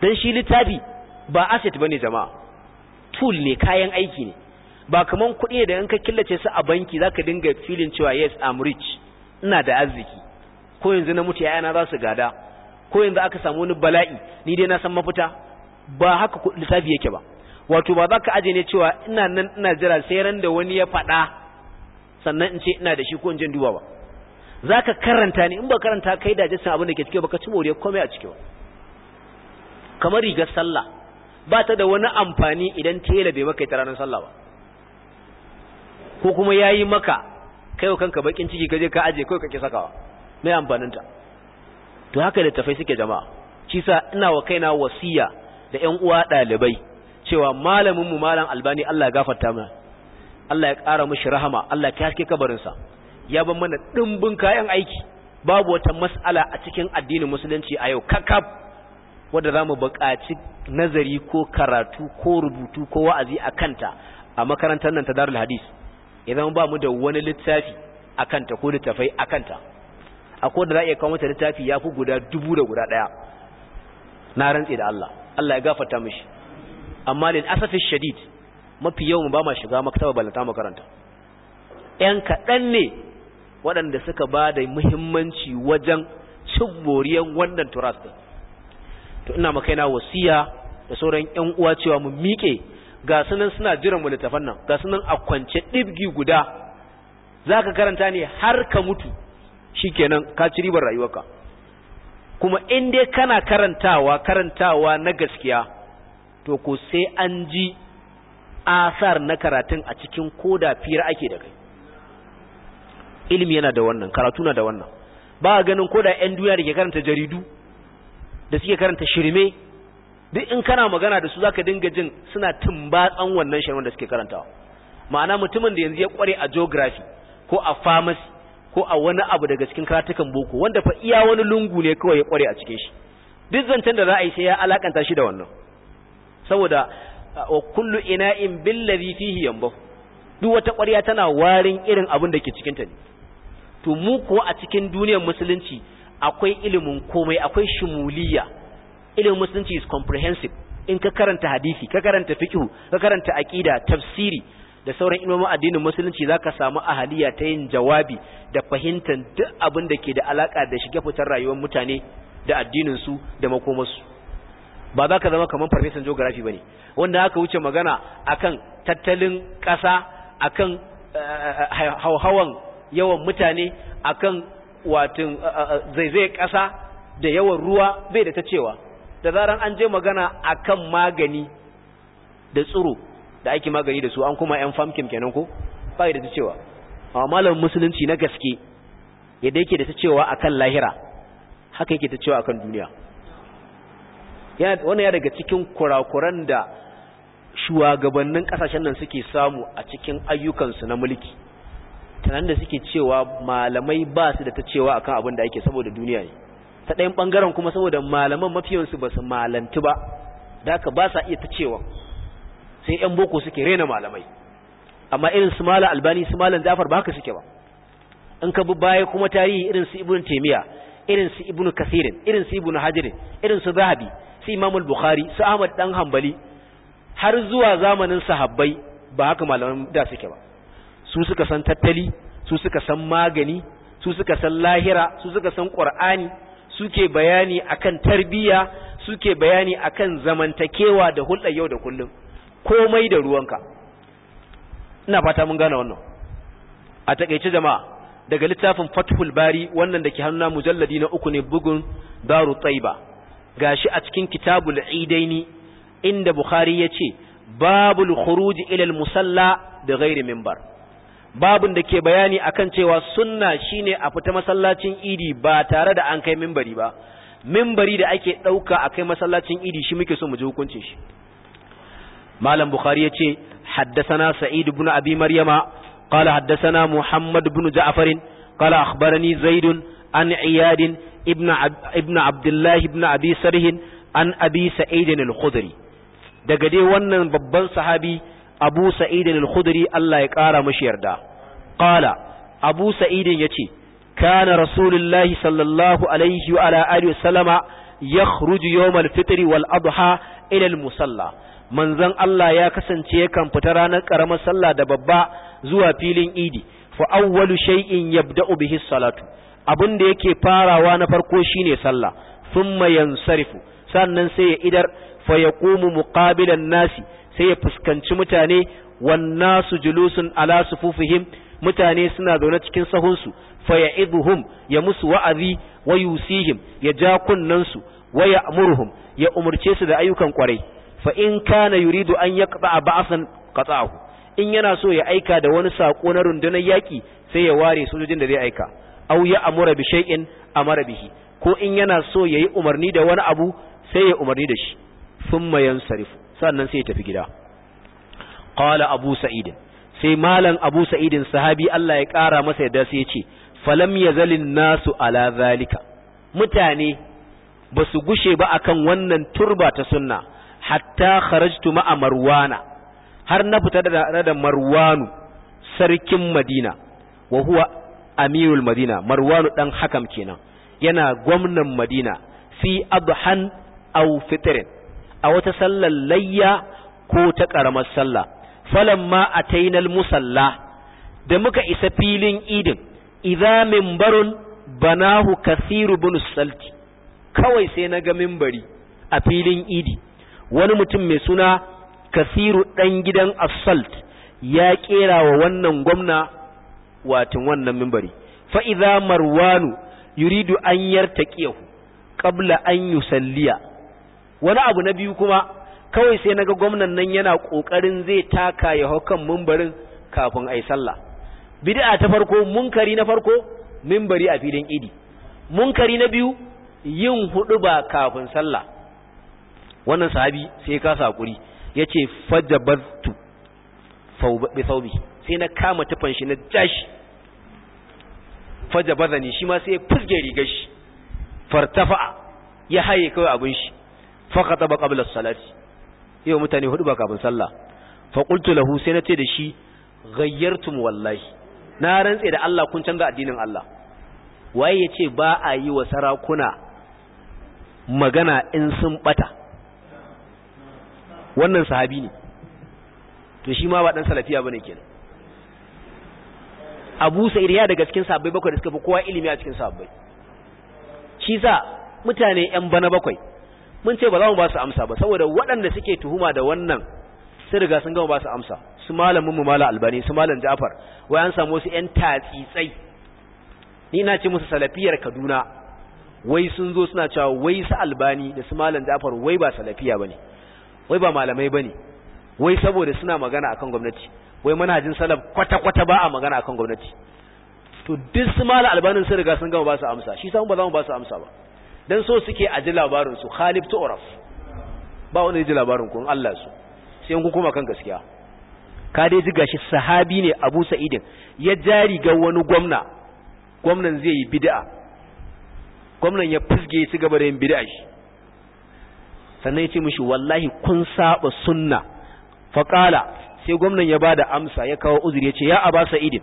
dan shi littafi ba asset bane jama'a tool ne kayan aiki ne ba kaman kuɗi da in ka killace su a banki zaka dinga filin cewa yes i'm rich ina da arziki ko yanzu na mutu yayana za su gada ko yanzu aka samu wani bala'i ni dai na san mafita ba haka lissafi yake ba wato ba za ka aje ne cewa ina nan ina jira sai ran da wani ya faɗa sannan in ce ina da shi ko in jan duba ba za ka karanta ne in ba karanta kai da jinsin abin da ke ciki ba ka ci moriyar komai a ciki ba kamar rigar sallah ba ta da wani amfani idan tela bai maka ita ranar sallah ba ko kuma ya yi maka kai wa kanka bakin ciki ka je ka aje kawai kake sakawa mai amfaninta to haka littafai suke jama'a shi ina wa kaina wasiya da ƴan uwa ɗalibai cewa malamin mu malam albani Allah ya gafarta mana Allah ya ƙara mishi rahama Allah ya haske sa ya ban mana dimbin kayan aiki babu wata mas'ala a cikin addinin musulunci a yau kakab wanda zamu buƙaci nazari ko karatu ko rubutu ko wa'azi a kanta a makarantar nan ta Darul Hadis idan ba mu da wani littafi a kanta ko littafai a kanta akwai da za a iya kawo mata littafi ya fi guda dubu da guda ɗaya na rantse da Allah Allah ya gafarta mishi amma lil asafi shadid mafi yawan ba ma shiga maktaba balanta makaranta ƴan kaɗan ne waɗanda suka ba da muhimmanci wajen cin moriyar wannan turas to ina maka yana wasiya da sauran ƴan uwa cewa mu miƙe ga sunan suna jiran mu littafan nan ga sunan a kwance ɗibgi guda zaka karanta ne har ka mutu shikenan ka ci ribar rayuwarka kuma in dai kana karantawa karantawa na gaskiya to ko sai an ji asar na karatun a cikin koda fira ake da kai ilimi yana da wannan karatu na da wannan ba ganin koda yan duniya da ke karanta jaridu da suke karanta shirme duk in kana magana da su zaka dinga jin suna tumbatsan wannan shirmen da suke karantawa ma'ana mutumin da yanzu ya kware a geography ko a pharmacy ko a wani abu daga cikin karatukan boko wanda fa iya wani lungu ne kawai ya kware a cikin shi duk zancen da za a yi sai ya alakanta shi da wannan saboda wa kullu ina'in billazi fihi yambahu duk wata ƙwarya tana warin irin abin da ke cikin ta ne to mu kuwa a cikin duniyar musulunci akwai ilimin komai akwai shimuliya ilimin musulunci is comprehensive in ka karanta hadisi ka karanta fiqh ka karanta aqida tafsiri da sauran ilimin addinin musulunci zaka samu ahaliya ta yin jawabi da fahimtar duk abin da ke da alaka da shige fitar rayuwar mutane da addinin su da makomarsu ba za ka zama kamar farfesan geography bane wanda aka wuce magana akan tattalin ƙasa akan eh, eh, hauhawan yawan mutane akan watin eh, zaizayar ƙasa da yawan ruwa bai da ta cewa da zaran an je magana akan magani da tsoro. da ake magani da su an kuma yan famkin kenan ko bai da ta cewa amma malamin musulunci na gaske yadda yake da ta cewa akan lahira haka yake ta cewa akan duniya wannan ya daga cikin kurakuran da shugabannin kasashen nan suke samu a cikin ayyukansu na mulki tunan da suke cewa malamai ba su da ta cewa akan abin da ake saboda duniya ne ta ɗayan ɓangaren kuma saboda malaman mafiyansu ba su malanti ba da haka ba sa iya ta cewa sai yan boko suke rena malamai amma irin su mala albani su malan zafar ba haka suke ba in ka bi baya kuma tarihi irin su ibnu taymiya irin su ibnu kasirin irin su ibnu hajar irin su zahabi su imam al-bukhari su ahmad dan hanbali har zuwa zamanin sahabbai ba haka malaman da suke ba su suka san tattali su suka san magani su suka san lahira su suka san qur'ani suke bayani akan tarbiya suke bayani akan zamantakewa da hulɗar yau da kullum komai da ruwanka ina fata mun gane wannan a takeice jama'a daga littafin fathul bari wannan da ke hannuna mujalladi na uku ne bugun daru taiba gashi a cikin kitabul idaini inda bukhari ya ce babul khuruj ila al musalla da ghairi mimbar. babun da ke bayani akan cewa sunna shine a fita masallacin idi ba tare da an kai mimbari ba mimbari da ake ɗauka a kai masallacin idi shi muke so mu ji hukuncin shi malam bukhari yace haddathana sa'id ibn abi maryama qala haddathana muhammad ibn ja'far qala akhbarani zaid an iyad ibn ibn abdullah an abi sa'id al-khudri daga dai wannan babban sahabi abu sa'id al-khudri Allah ya kara mashi yarda qala abu sa'id yace kana rasulullahi sallallahu alaihi wa ala alihi wasallama yakhruju yawm al-fitr wal adha ila musalla manzon Allah ya kasance yakan fita ranar karamar sallah da babba zuwa filin idi fa awwalu shay'in yabda'u bihi salatu abin da yake farawa na farko shine sallah thumma yansarifu sannan sai ya idar fa yaqumu muqabilan nasi sai ya fuskanci mutane wan nasu julusun ala sufufihim mutane suna zaune cikin sahunsu fa ya'idhuhum ya musu wa'azi wa yusihim ya ja kunnansu wa ya'muruhum ya umurce su da ayyukan kwarai fa in kana yuridu an yaqta ba'san qata'ahu in yana so ya aika da wani sako na rundunar yaki sai ya ware sojojin da zai aika aw ya amura bi shay'in amara bihi ko in yana so yayi umarni da wani abu sai ya umarni da shi thumma yansarifu sannan sai ya tafi gida qala abu sa'id sai malam abu sa'idin sahabi Allah ya kara masa yadda sai ya ce falam yazalin nasu ala zalika mutane basu gushe ba akan wannan turba ta sunna hatta kharajtu ma'a marwana har na fita da da marwanu sarkin madina wa huwa amirul madina marwanu dan hakam kenan yana gwamnan madina fi adhan aw fitrin a wata sallar layya ko ta karamar sallah falamma atainal musalla da muka isa filin idin idza minbarun banahu kathiru bin salti kawai sai na ga minbari a filin idi wani mutum mai suna kasiru ɗan gidan assault ya ƙera wa wannan gwamna watin wannan mimbari fa'iza marwanu yuridu an yarta ƙiyahu ƙabla an salliya. wani abu na biyu kuma kawai sai naga gwamnan nan yana ƙoƙarin zai taka ya hukan mimbarin kafin a yi sallah bid'a ta farko munkari na farko mimbari a filin idi munkari na biyu yin hudu ba kafin sallah wannan sahabi sai ya kasa hakuri yace fajabtu bi thawbi sai na kama tufan shi na jashi ne shi ma sai ya fusge rigar shi fartafa ya haye kawai abin shi fa khataba qabla salati yau mutane hudu ba kafin sallah fa lahu sai na ce da shi ghayyartum wallahi na rantse da Allah kun canza addinin Allah waye yace ba a yi wa sarakuna magana in sun bata wannan sahabi ne to shi ma ba dan salafiya bane kenan Abu Sa'id ya daga cikin sahabbai bakwai da suka fi kowa ilimi a cikin sahabbai shi sa mutane yan bana bakwai mun ce ba za mu ba su amsa ba saboda waɗanda suke tuhuma da wannan sun riga sun gama ba su amsa su malamin mu malam albani su malam Ja'far wai an samu su yan tatsitsai ni na ce musu salafiyar Kaduna wai sun zo suna cewa wai su albani da su malam Ja'far wai ba salafiya bane wai ba malamai ba ne wai saboda suna magana akan gwamnati wai manhajin salaf kwata-kwata ba a magana akan gwamnati to duk su mala albanin sun riga sun gama ba su amsa shi samun ba za mu ba su amsa ba dan so suke a ji labarinsu su khalif oraf ba wanda ji labarin kun Allah su sai in kuma kan gaskiya ka dai ji gashi sahabi ne Abu Sa'idin ya jari ga wani gwamna gwamnan zai yi bid'a gwamnan ya fusge ya ci gaba da yin bid'a shi sannan ya ce mishi wallahi kun saba sunna faƙala sai gwamnan ya ba da amsa ya kawo uzuri ya ce ya aba sa'idin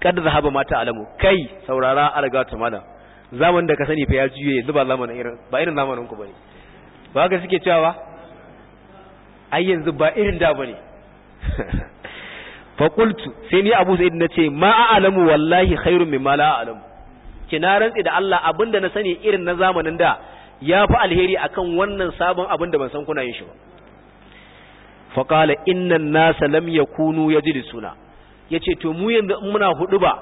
kad zahaba mata alamu kai saurara arga ta malam zaman da ka sani fa ya juye zuba zamanin irin ba irin zamanin ku bane ba ga suke cewa ai yanzu ba irin da bane fa qultu sai ni Abu Sa'id ce ma a'lamu wallahi khairum mimma la a'lamu kina rantsi da Allah abinda na sani irin na zamanin da ya fi alheri akan wannan sabon abin da ban san kuna yin shi ba faƙala innan nasa lam ya kunu ya jiri suna ya ce to mu yanzu muna hudu ba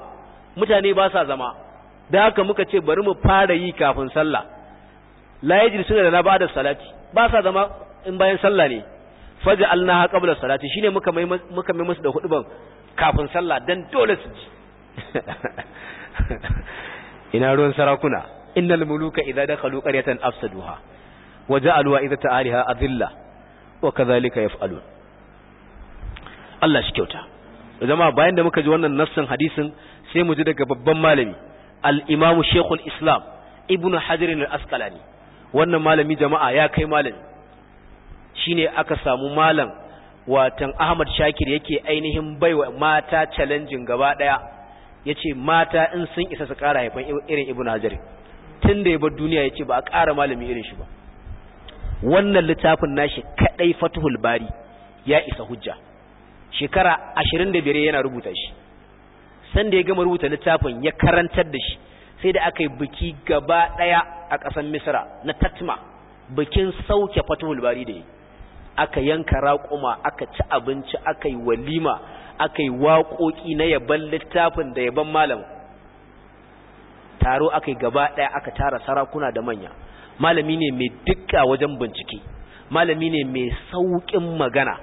mutane ba sa zama da haka muka ce bari mu fara yi kafin sallah la ya jiri suna da na ba da salati ba sa zama in bayan sallah ne faja alna haƙa bula salati shine muka mai muka mai masu da hudu ban kafin sallah don dole su ji ina ruwan sarakuna innal muluka idza dakhalu qaryatan afsaduha wa ja'alu idzata aliha adilla wa kadhalika yaf'alun Allah shi kyauta Jama'a bayan da muka ji wannan nassin hadisin sai mu ji daga babban malami al-imam shaykhul islam ibnu hajar al-asqalani wannan malami jama'a ya kai malami shine aka samu malam watan ahmad shakir yake ainihin baiwa mata challenging gaba daya yace mata in sun isa su kara haifan irin ibnu hajar tun da ya bar duniya ya ce ba a ƙara malami irin shi ba wannan littafin nashi kaɗai fatuhul bari ya isa hujja shekara ashirin da biyar yana rubuta shi sanda ya gama rubuta littafin ya karantar da shi sai da aka yi biki gaba ɗaya a ƙasar misra na tatma bikin sauke fatuhul bari da yi aka yanka raƙuma aka ci abinci aka yi walima aka yi waƙoƙi na yaban littafin da yaban malamin taro aka yi gaba ɗaya aka tara sarakuna da manya malami ne mai dukka wajen bincike malami ne mai sauƙin magana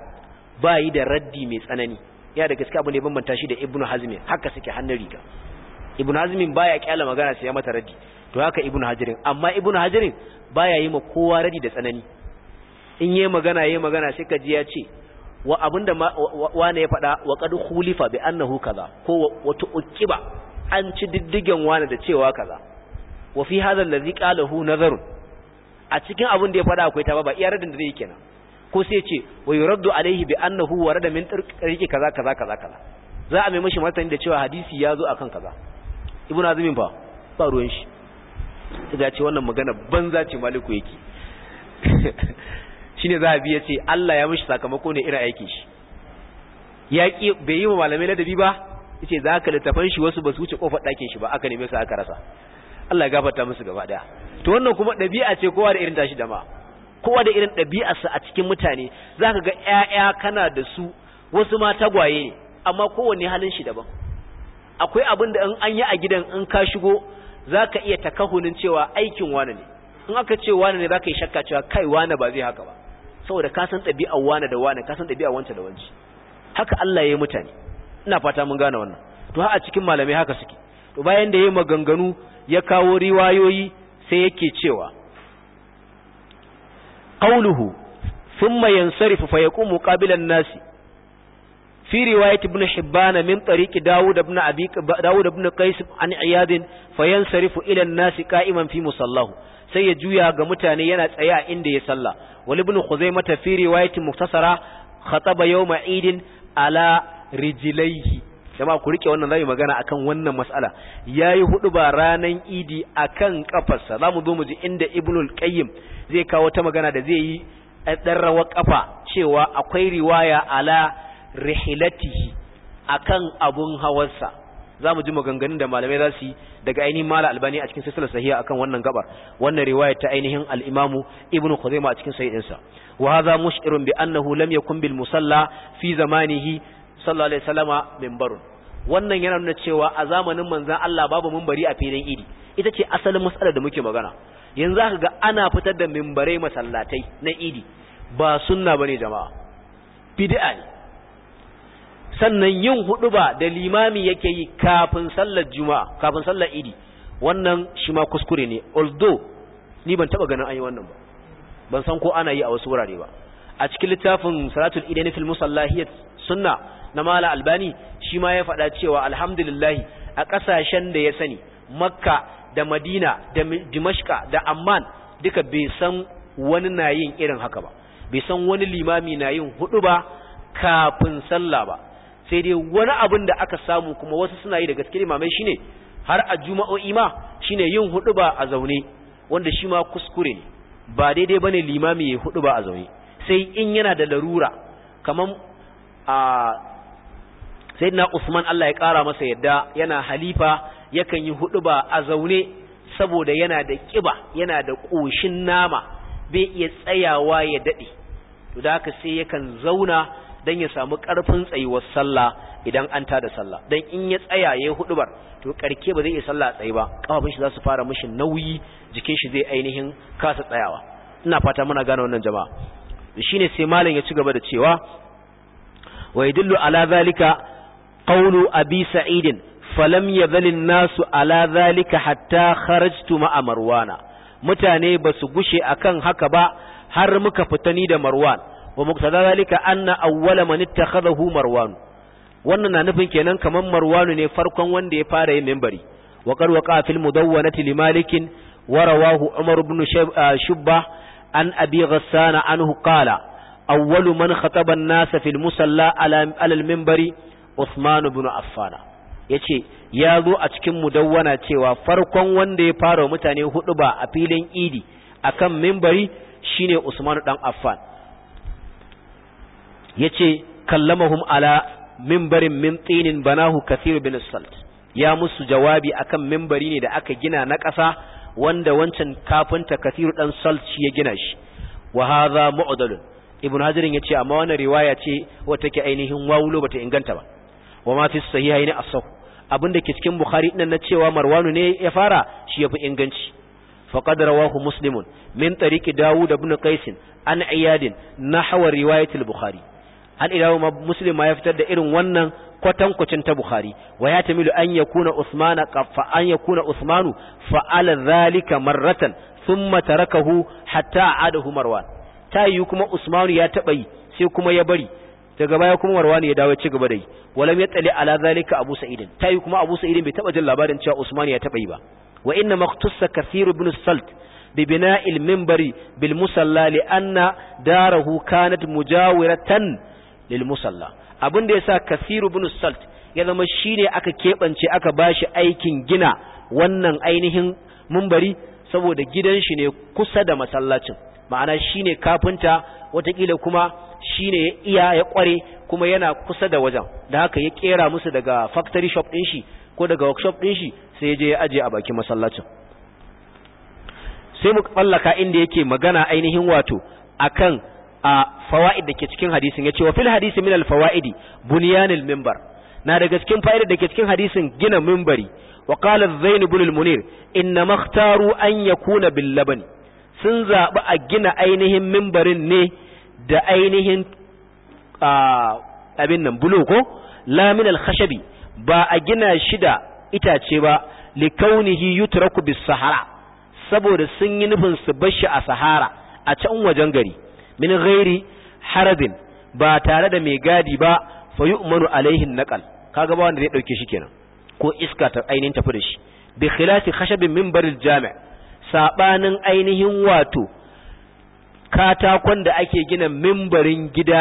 ba yi da raddi mai tsanani ya da gaske abu ne bambanta shi da ibnu hazmin haka suke hannun riga ibnu hazmin baya kyala magana sai ya mata raddi to haka ibnu hajirin amma ibnu hajirin baya yi ma kowa raddi da tsanani in yi magana yi magana sai ka ji ya ce wa abinda wane ya faɗa wa qad khulifa bi annahu kaza ko wa tuqiba an ci diddigen wani da cewa kaza wa fi hadha allazi hu nazar a cikin abin da ya fada akwai ta ba iya radin da zai kenan ko sai ce wa yuraddu alaihi bi annahu warada min tariqi kaza kaza kaza kaza za a mai mishi martani da cewa hadisi ya zo akan kaza ibn azmin fa ba ruwan shi Daga ce wannan magana banza ce maliku yake shine za a biya ce Allah ya mishi sakamako ne irin aikin shi ya bai yi wa malamai ladabi ba yace za ka littafan shi wasu ba su wuce kofar dakin shi ba aka neme su aka rasa Allah ya gafarta musu gaba daya to wannan kuma ɗabi'a ce kowa da irin tashi da ma. kowa da irin ɗabi'arsa a cikin mutane za ga ƴaƴa kana da su wasu ma tagwaye ne amma kowanne halin shi daban akwai abin da in an yi a gidan in ka shigo za ka iya takahunin cewa aikin wani ne in aka ce wani ne za ka yi shakka cewa kai wani ba zai haka ba saboda ka san ɗabi'ar wani da wani ka san ɗabi'ar wancan da wancan. haka Allah ya yi mutane ina fata mun gane wannan to har a cikin malamai haka suke to bayan da yayi maganganu ya kawo riwayoyi sai yake cewa qawluhu thumma yansarifu fa yaqumu riwayat ibn nasi min tariq daud ibn abi daud ibn qais an iyad fa yansarifu ila an nasi qa'iman fi musallahu sai ya juya ga mutane yana tsaya a inda ya salla wal ibn khuzaimah fi riwayat mukhtasara khataba yawma eid ala rijilaihi jama ku rike wannan zamu magana akan wannan mas'ala yayi hudu ba ranan idi akan kafarsa zamu zo mu ji inda ibnul qayyim zai kawo ta magana da zai yi dan rawar kafa cewa akwai riwaya ala rihilatihi akan abun hawarsa zamu ji maganganun da malamai za su yi daga ainihin mala albani a cikin silsilar sahiha akan wannan gabar wannan riwaya ta ainihin al-imamu ibnu khuzaimah a cikin sahihinsa wa hadha mushirun bi annahu lam yakun bil musalla fi zamanihi sallallahu alaihi wasallama mimbarun wannan yana nuna cewa a zamanin manzon Allah babu mimbari a filin idi ita ce asalin mas'alar da muke magana yanzu ka ga ana fitar da minbare masallatai na idi ba sunna bane jama'a bid'a sannan yin huduba da limami yake yi kafin sallar juma'a kafin sallar idi wannan shi ma kuskure ne although ni ban taba ganin an yi wannan ba ban san ko ana yi a wasu wurare ba a cikin littafin salatul idaini fil musallahiyat sunna na mala albani shi ma ya faɗa cewa alhamdulillahi a ƙasashen da ya sani makka da madina da dimashka da amman duka bai san wani na yin irin haka ba bai san wani limami na yin hudu ba kafin sallah ba sai dai wani abin da aka samu kuma wasu suna yi da gaske limamai shine har a juma'o'i ma shine yin hudu ba a zaune wanda shi ma kuskure ne ba daidai bane limami ya hudu ba a zaune sai in yana da larura kaman a na Usman Allah ya ƙara masa yadda yana halifa yakan yi huɗuba a zaune saboda yana da ƙiba yana da koshin nama bai iya tsayawa ya daɗe. to da haka sai yakan zauna dan ya samu ƙarfin tsayuwar sallah idan an tada sallah dan in ya tsaya hudu hudubar to ƙarke ba zai iya sallah tsayi ba kafafun shi za su fara mishi nauyi jikin shi zai ainihin kasa tsayawa ina fata muna gane wannan jama'a shine sai malam ya ci gaba da cewa wa yadullu ala zalika qawlu abi sa'id falam yazal nasu ala zalika hatta kharajtu ma'a marwana mutane basu bushe akan haka ba har muka fita ni da marwan wa muqtada zalika anna awwala man ittakhadahu marwan wannan na nufin kenan kamar marwanu ne farkon wanda ya fara yin minbari waƙar qad waqa fil mudawwanati li malikin wa umar ibn shubba an abi ghassan anhu qala awwalu man khataba an-nas fil musalla ala Uthman ibn Affan yace ya zo a cikin mudawwana cewa farkon wanda ya fara mutane hudu ba a filin Idi akan mimbari shine Usman dan Affan yace kallamahum ala mimbarin min tinin banahu Kathir bin Salt ya musu jawabi akan mimbari ne da aka gina na ƙasa wanda wancan kafinta Kathir dan Salt shi ya gina shi wa hadha mu'dalun ibn Hadirin ya ce amma wannan riwaya ce wata ke ainihin wawulo bata inganta ba wa ma fi sahihaini asah abin da ke cikin bukhari din na cewa marwanu ne ya fara shi yafi inganci faqad rawahu muslimun min tariqi dawud ibn qais an iyad nahwa riwayat al-bukhari an ila muslim ma ya fitar da irin wannan kwatankwacin ta bukhari wa ya tamilu an yakuna usmana qaffa an yakuna usmanu fa'ala dhalika marratan thumma tarakahu hatta adahu marwan ta yi kuma usmanu ya taba yi sai kuma ya bari daga baya kuma marwan ya dawo ci gaba da yi walam tsali ala zalika abu ta yi kuma abu sa'id bai taba jin labarin cewa usman ya taba yi ba wa inna maqtusa kathir ibn salt bi bina'il minbari bil musalla li anna darahu kanat mujawiratan lil musalla abin da yasa kathir ibn salt ya zama shine aka kebance aka bashi aikin gina wannan ainihin minbari saboda gidan shi ne kusa da masallacin ma'ana shine kafinta watakila kuma shine ne iya ya kware kuma yana kusa da wajen da haka ya kera musu daga factory shop din shi ko daga workshop din shi sai ya je ya ajiye a bakin masallacin sai mu tsallaka inda yake magana ainihin wato akan a fawaid da ke cikin hadisin yace wa fil hadisi min al fawaidi bunyanil minbar na daga cikin fa'ida da ke cikin hadisin gina mimbari wa qala zain ibn al munir inna makhtaru an yakuna bil labani sun zaɓi a gina ainihin mimbarin ne da ainihin abin nan bulo ko laminal khashabi ba a gina shi da itace ba likaunihi yutraku bis sahara saboda sun yi nufin su bashi a sahara a can wajen gari min ghairi harabin ba tare da mai gadi ba fa yu'manu alaihin naqal kaga ba wanda zai dauke shi kenan ko iska ta ainihin tafi da shi bi khilafi khashabin minbaril jami' saɓanin ainihin wato katakon da ake gina mimbarin gida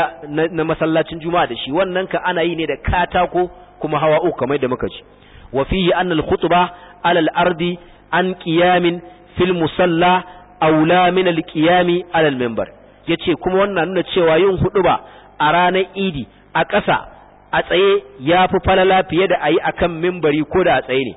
na masallacin juma'a da shi wannan ka ana yi ne da katako kuma hawa uku kamar da muka ji wa fihi anna al-khutba ala al-ardi an qiyamin fil musalla awla min al-qiyami ala al-minbar yace kuma wannan nuna cewa yin huɗuba a ranar idi a ƙasa a tsaye yafi falala fiye da ayi akan mimbari ko da a tsaye ne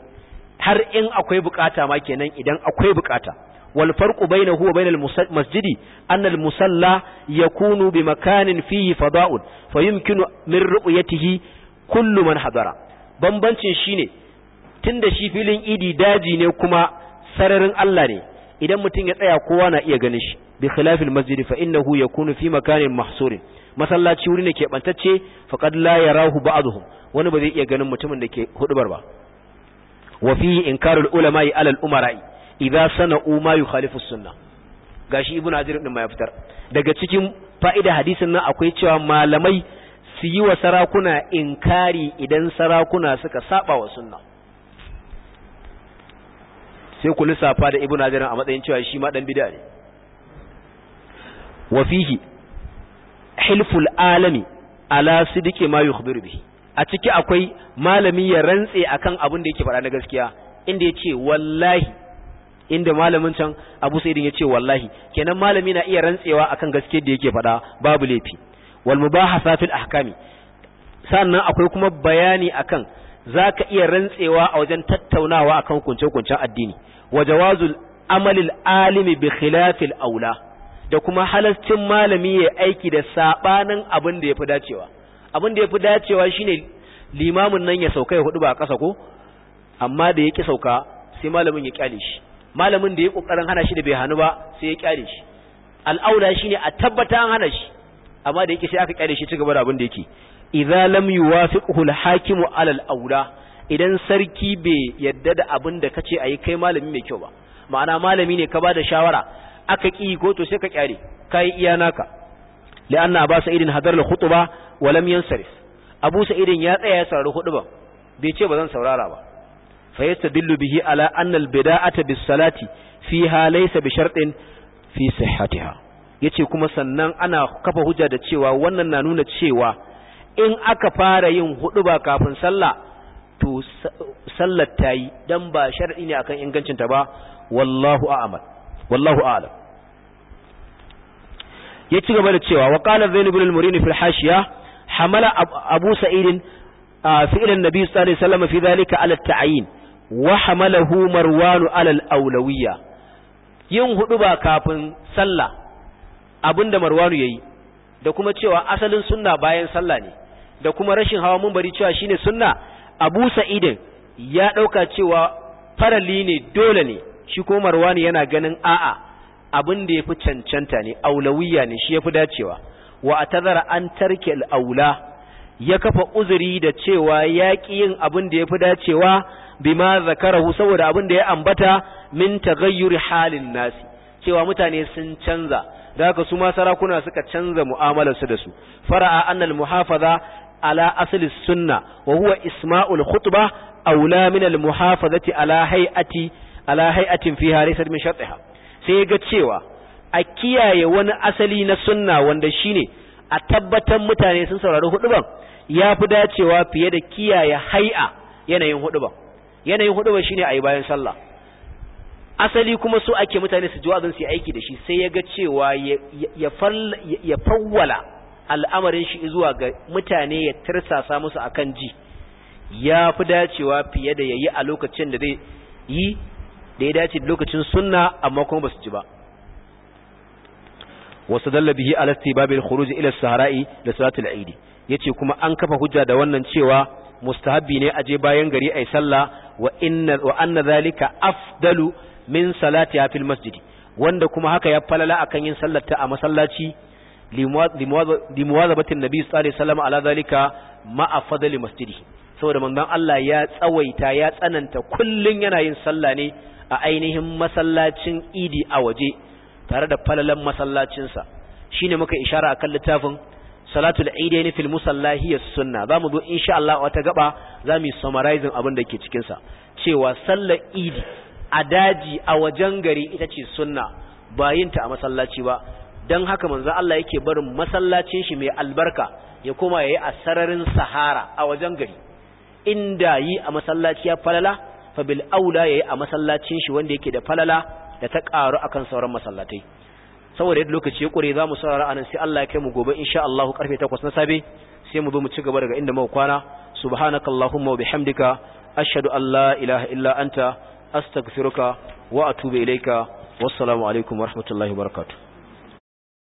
har in akwai bukata ma kenan idan akwai bukata wal farqu bainahu wa bainal masjidi an al musalla yakunu bi makanin fihi fada'un fayumkinu min ru'yatihi kullu man hadara bambancin shine tunda shi filin idi daji ne kuma sararin Allah ne idan mutum ya tsaya kowa na iya ganin shi bi khilafil masjidi fa innahu yakunu fi makanin masurin masallaci wuri ne ke bantacce faqad la yarahu ba'dhum wani ba zai iya ganin mutumin da ke hudubar ba wa fihi inkarul ulama ala al-umara idza sana'u ma yukhalifu sunnah gashi ibnu hajar din ma ya fitar daga cikin fa'ida hadisin nan akwai cewa malamai su yi wa sarakuna inkari idan sarakuna suka saba wa sunna sai ku lissafa da ibnu hajar a matsayin cewa shi ma dan bid'a ne wa fihi hilful alami ala sidiki ma yukhbiru bihi a ciki akwai malami ya rantse akan abin da yake faɗa na gaskiya inda ya ce wallahi inda malamin can abu sa'idin ya ce wallahi kenan malami na iya rantsewa akan gaskiyar da yake faɗa babu laifi wal mubahasa fil ahkami sannan akwai kuma bayani akan zaka iya rantsewa a wajen tattaunawa akan kunce kuncen addini wa jawazul amalil alimi bi khilafil aula da kuma halascin malami ya aiki da sabanin abin da ya fi dacewa abin da ya fi dacewa shine limamin nan ya sauka ya hudu ba a ƙasa ko amma da ya ƙi sauka sai malamin ya ƙyale shi malamin da ya ƙoƙarin hana shi da bai hannu ba sai ya ƙyale shi al'aula shine a tabbata an hana shi amma da ya ƙi sai aka ƙyale shi ci gaba da abin da yake idza lam yuwafiqhu al-hakimu ala al idan sarki bai yadda da abin da kace ayi kai malami mai kyau ba ma'ana malami ne ka ba da shawara aka ƙi ko to sai ka ƙyale kai iya naka لأن أبا سعيد huɗu الخطبة walam yansarif Abu Sa'idin ya tsaya ya saurari ba bai ce ba zan saurara ba fa dillu bihi ala anna al-bida'ata bis-salati fi laysa bi shartin fi sihhatiha yace kuma sannan ana kafa hujja da cewa wannan na nuna cewa in aka fara yin ba kafin sallah to sallar tayi dan ba shar'i ne akan ingancin ta ba wallahu a'lam wallahu a'lam ya ci gaba da cewa wa qala zainab ibn al-murini fil hashiya hamala abu سعيد فعل النبي صلى الله عليه وسلم في ذلك على wa وحمله مروان على الأولوية yin hudu ba kafin sallah abinda yayi da kuma cewa asalin sunna bayan sallah ne da kuma rashin hawa bari cewa shine sunna abu Sa'id ya dauka cewa farali ne dole ne shi ko marwani yana ganin a'a abin da yafi cancanta ne aulawiyya ne shi yafi dacewa wa atazara an tarke al'aula ya kafa uzuri da cewa ya ƙi yin abin da ya fi dacewa bima zakarahu saboda abin da ya ambata min tagayyuri halin nasi cewa mutane sun canza da haka su ma sarakuna suka canza mu'amalarsu da su fara'a annal muhafaza ala asli sunna wa huwa isma'ul khutbah aula min al muhafazati ala hay'ati ala hay'atin fiha laysa min shartiha sai ga cewa a kiyaye wani asali na sunna wanda shine a tabbatar mutane sun saurari huduban ya fi dacewa fiye da kiyaye hai'a yanayin huduban yanayin huduban shine a yi bayan sallah asali kuma so ake mutane su ji zan su aiki da shi sai ya ga cewa ya fawwala al'amarin shi zuwa ga mutane ya tirsasa musu akan ji ya fi dacewa fiye da ya yi a lokacin da zai yi da ya dace lokacin sunna amma kuma ba su ji ba واستدل به على استباب الخروج إلى السهراء لصلاة العيد yace kuma an kafa hujja da wannan cewa mustahabbi ne aje bayan gari ai sallah wa inna wa anna zalika afdalu min salatiha fil masjid wanda kuma haka ya falala akan yin sallar a masallaci limuwazabatin nabi sallallahu alaihi wasallam ala zalika ma afdali masjidi saboda manzon Allah ya tsawaita ya tsananta kullun yana yin sallah ne a ainihin masallacin idi a waje tare da falalan masallacinsa shine muka ishara akan littafin salatul aidaini fil musallahi sunna zamu zo insha Allah wata gaba zamu summarizing abin da ke cikin sa cewa sallar idi a daji a wajen gari ita ce sunna ba yin ta a masallaci ba dan haka manzo Allah yake barin masallacin shi mai albarka ya koma yayi a sararin sahara a wajen gari inda yi a masallaci ya falala fa bil aula yayi a masallacin shi wanda yake da falala da ta karu akan sauran masallatai saboda yadda lokaci ya kure za mu saurara anan sai Allah ya kai mu gobe insha Allah karfe 8 na safe sai mu zo mu ci gaba daga inda muka kwana subhanakallahumma wa bihamdika ashhadu an la ilaha illa anta astaghfiruka wa atubu ilaika wassalamu alaikum warahmatullahi wabarakatuh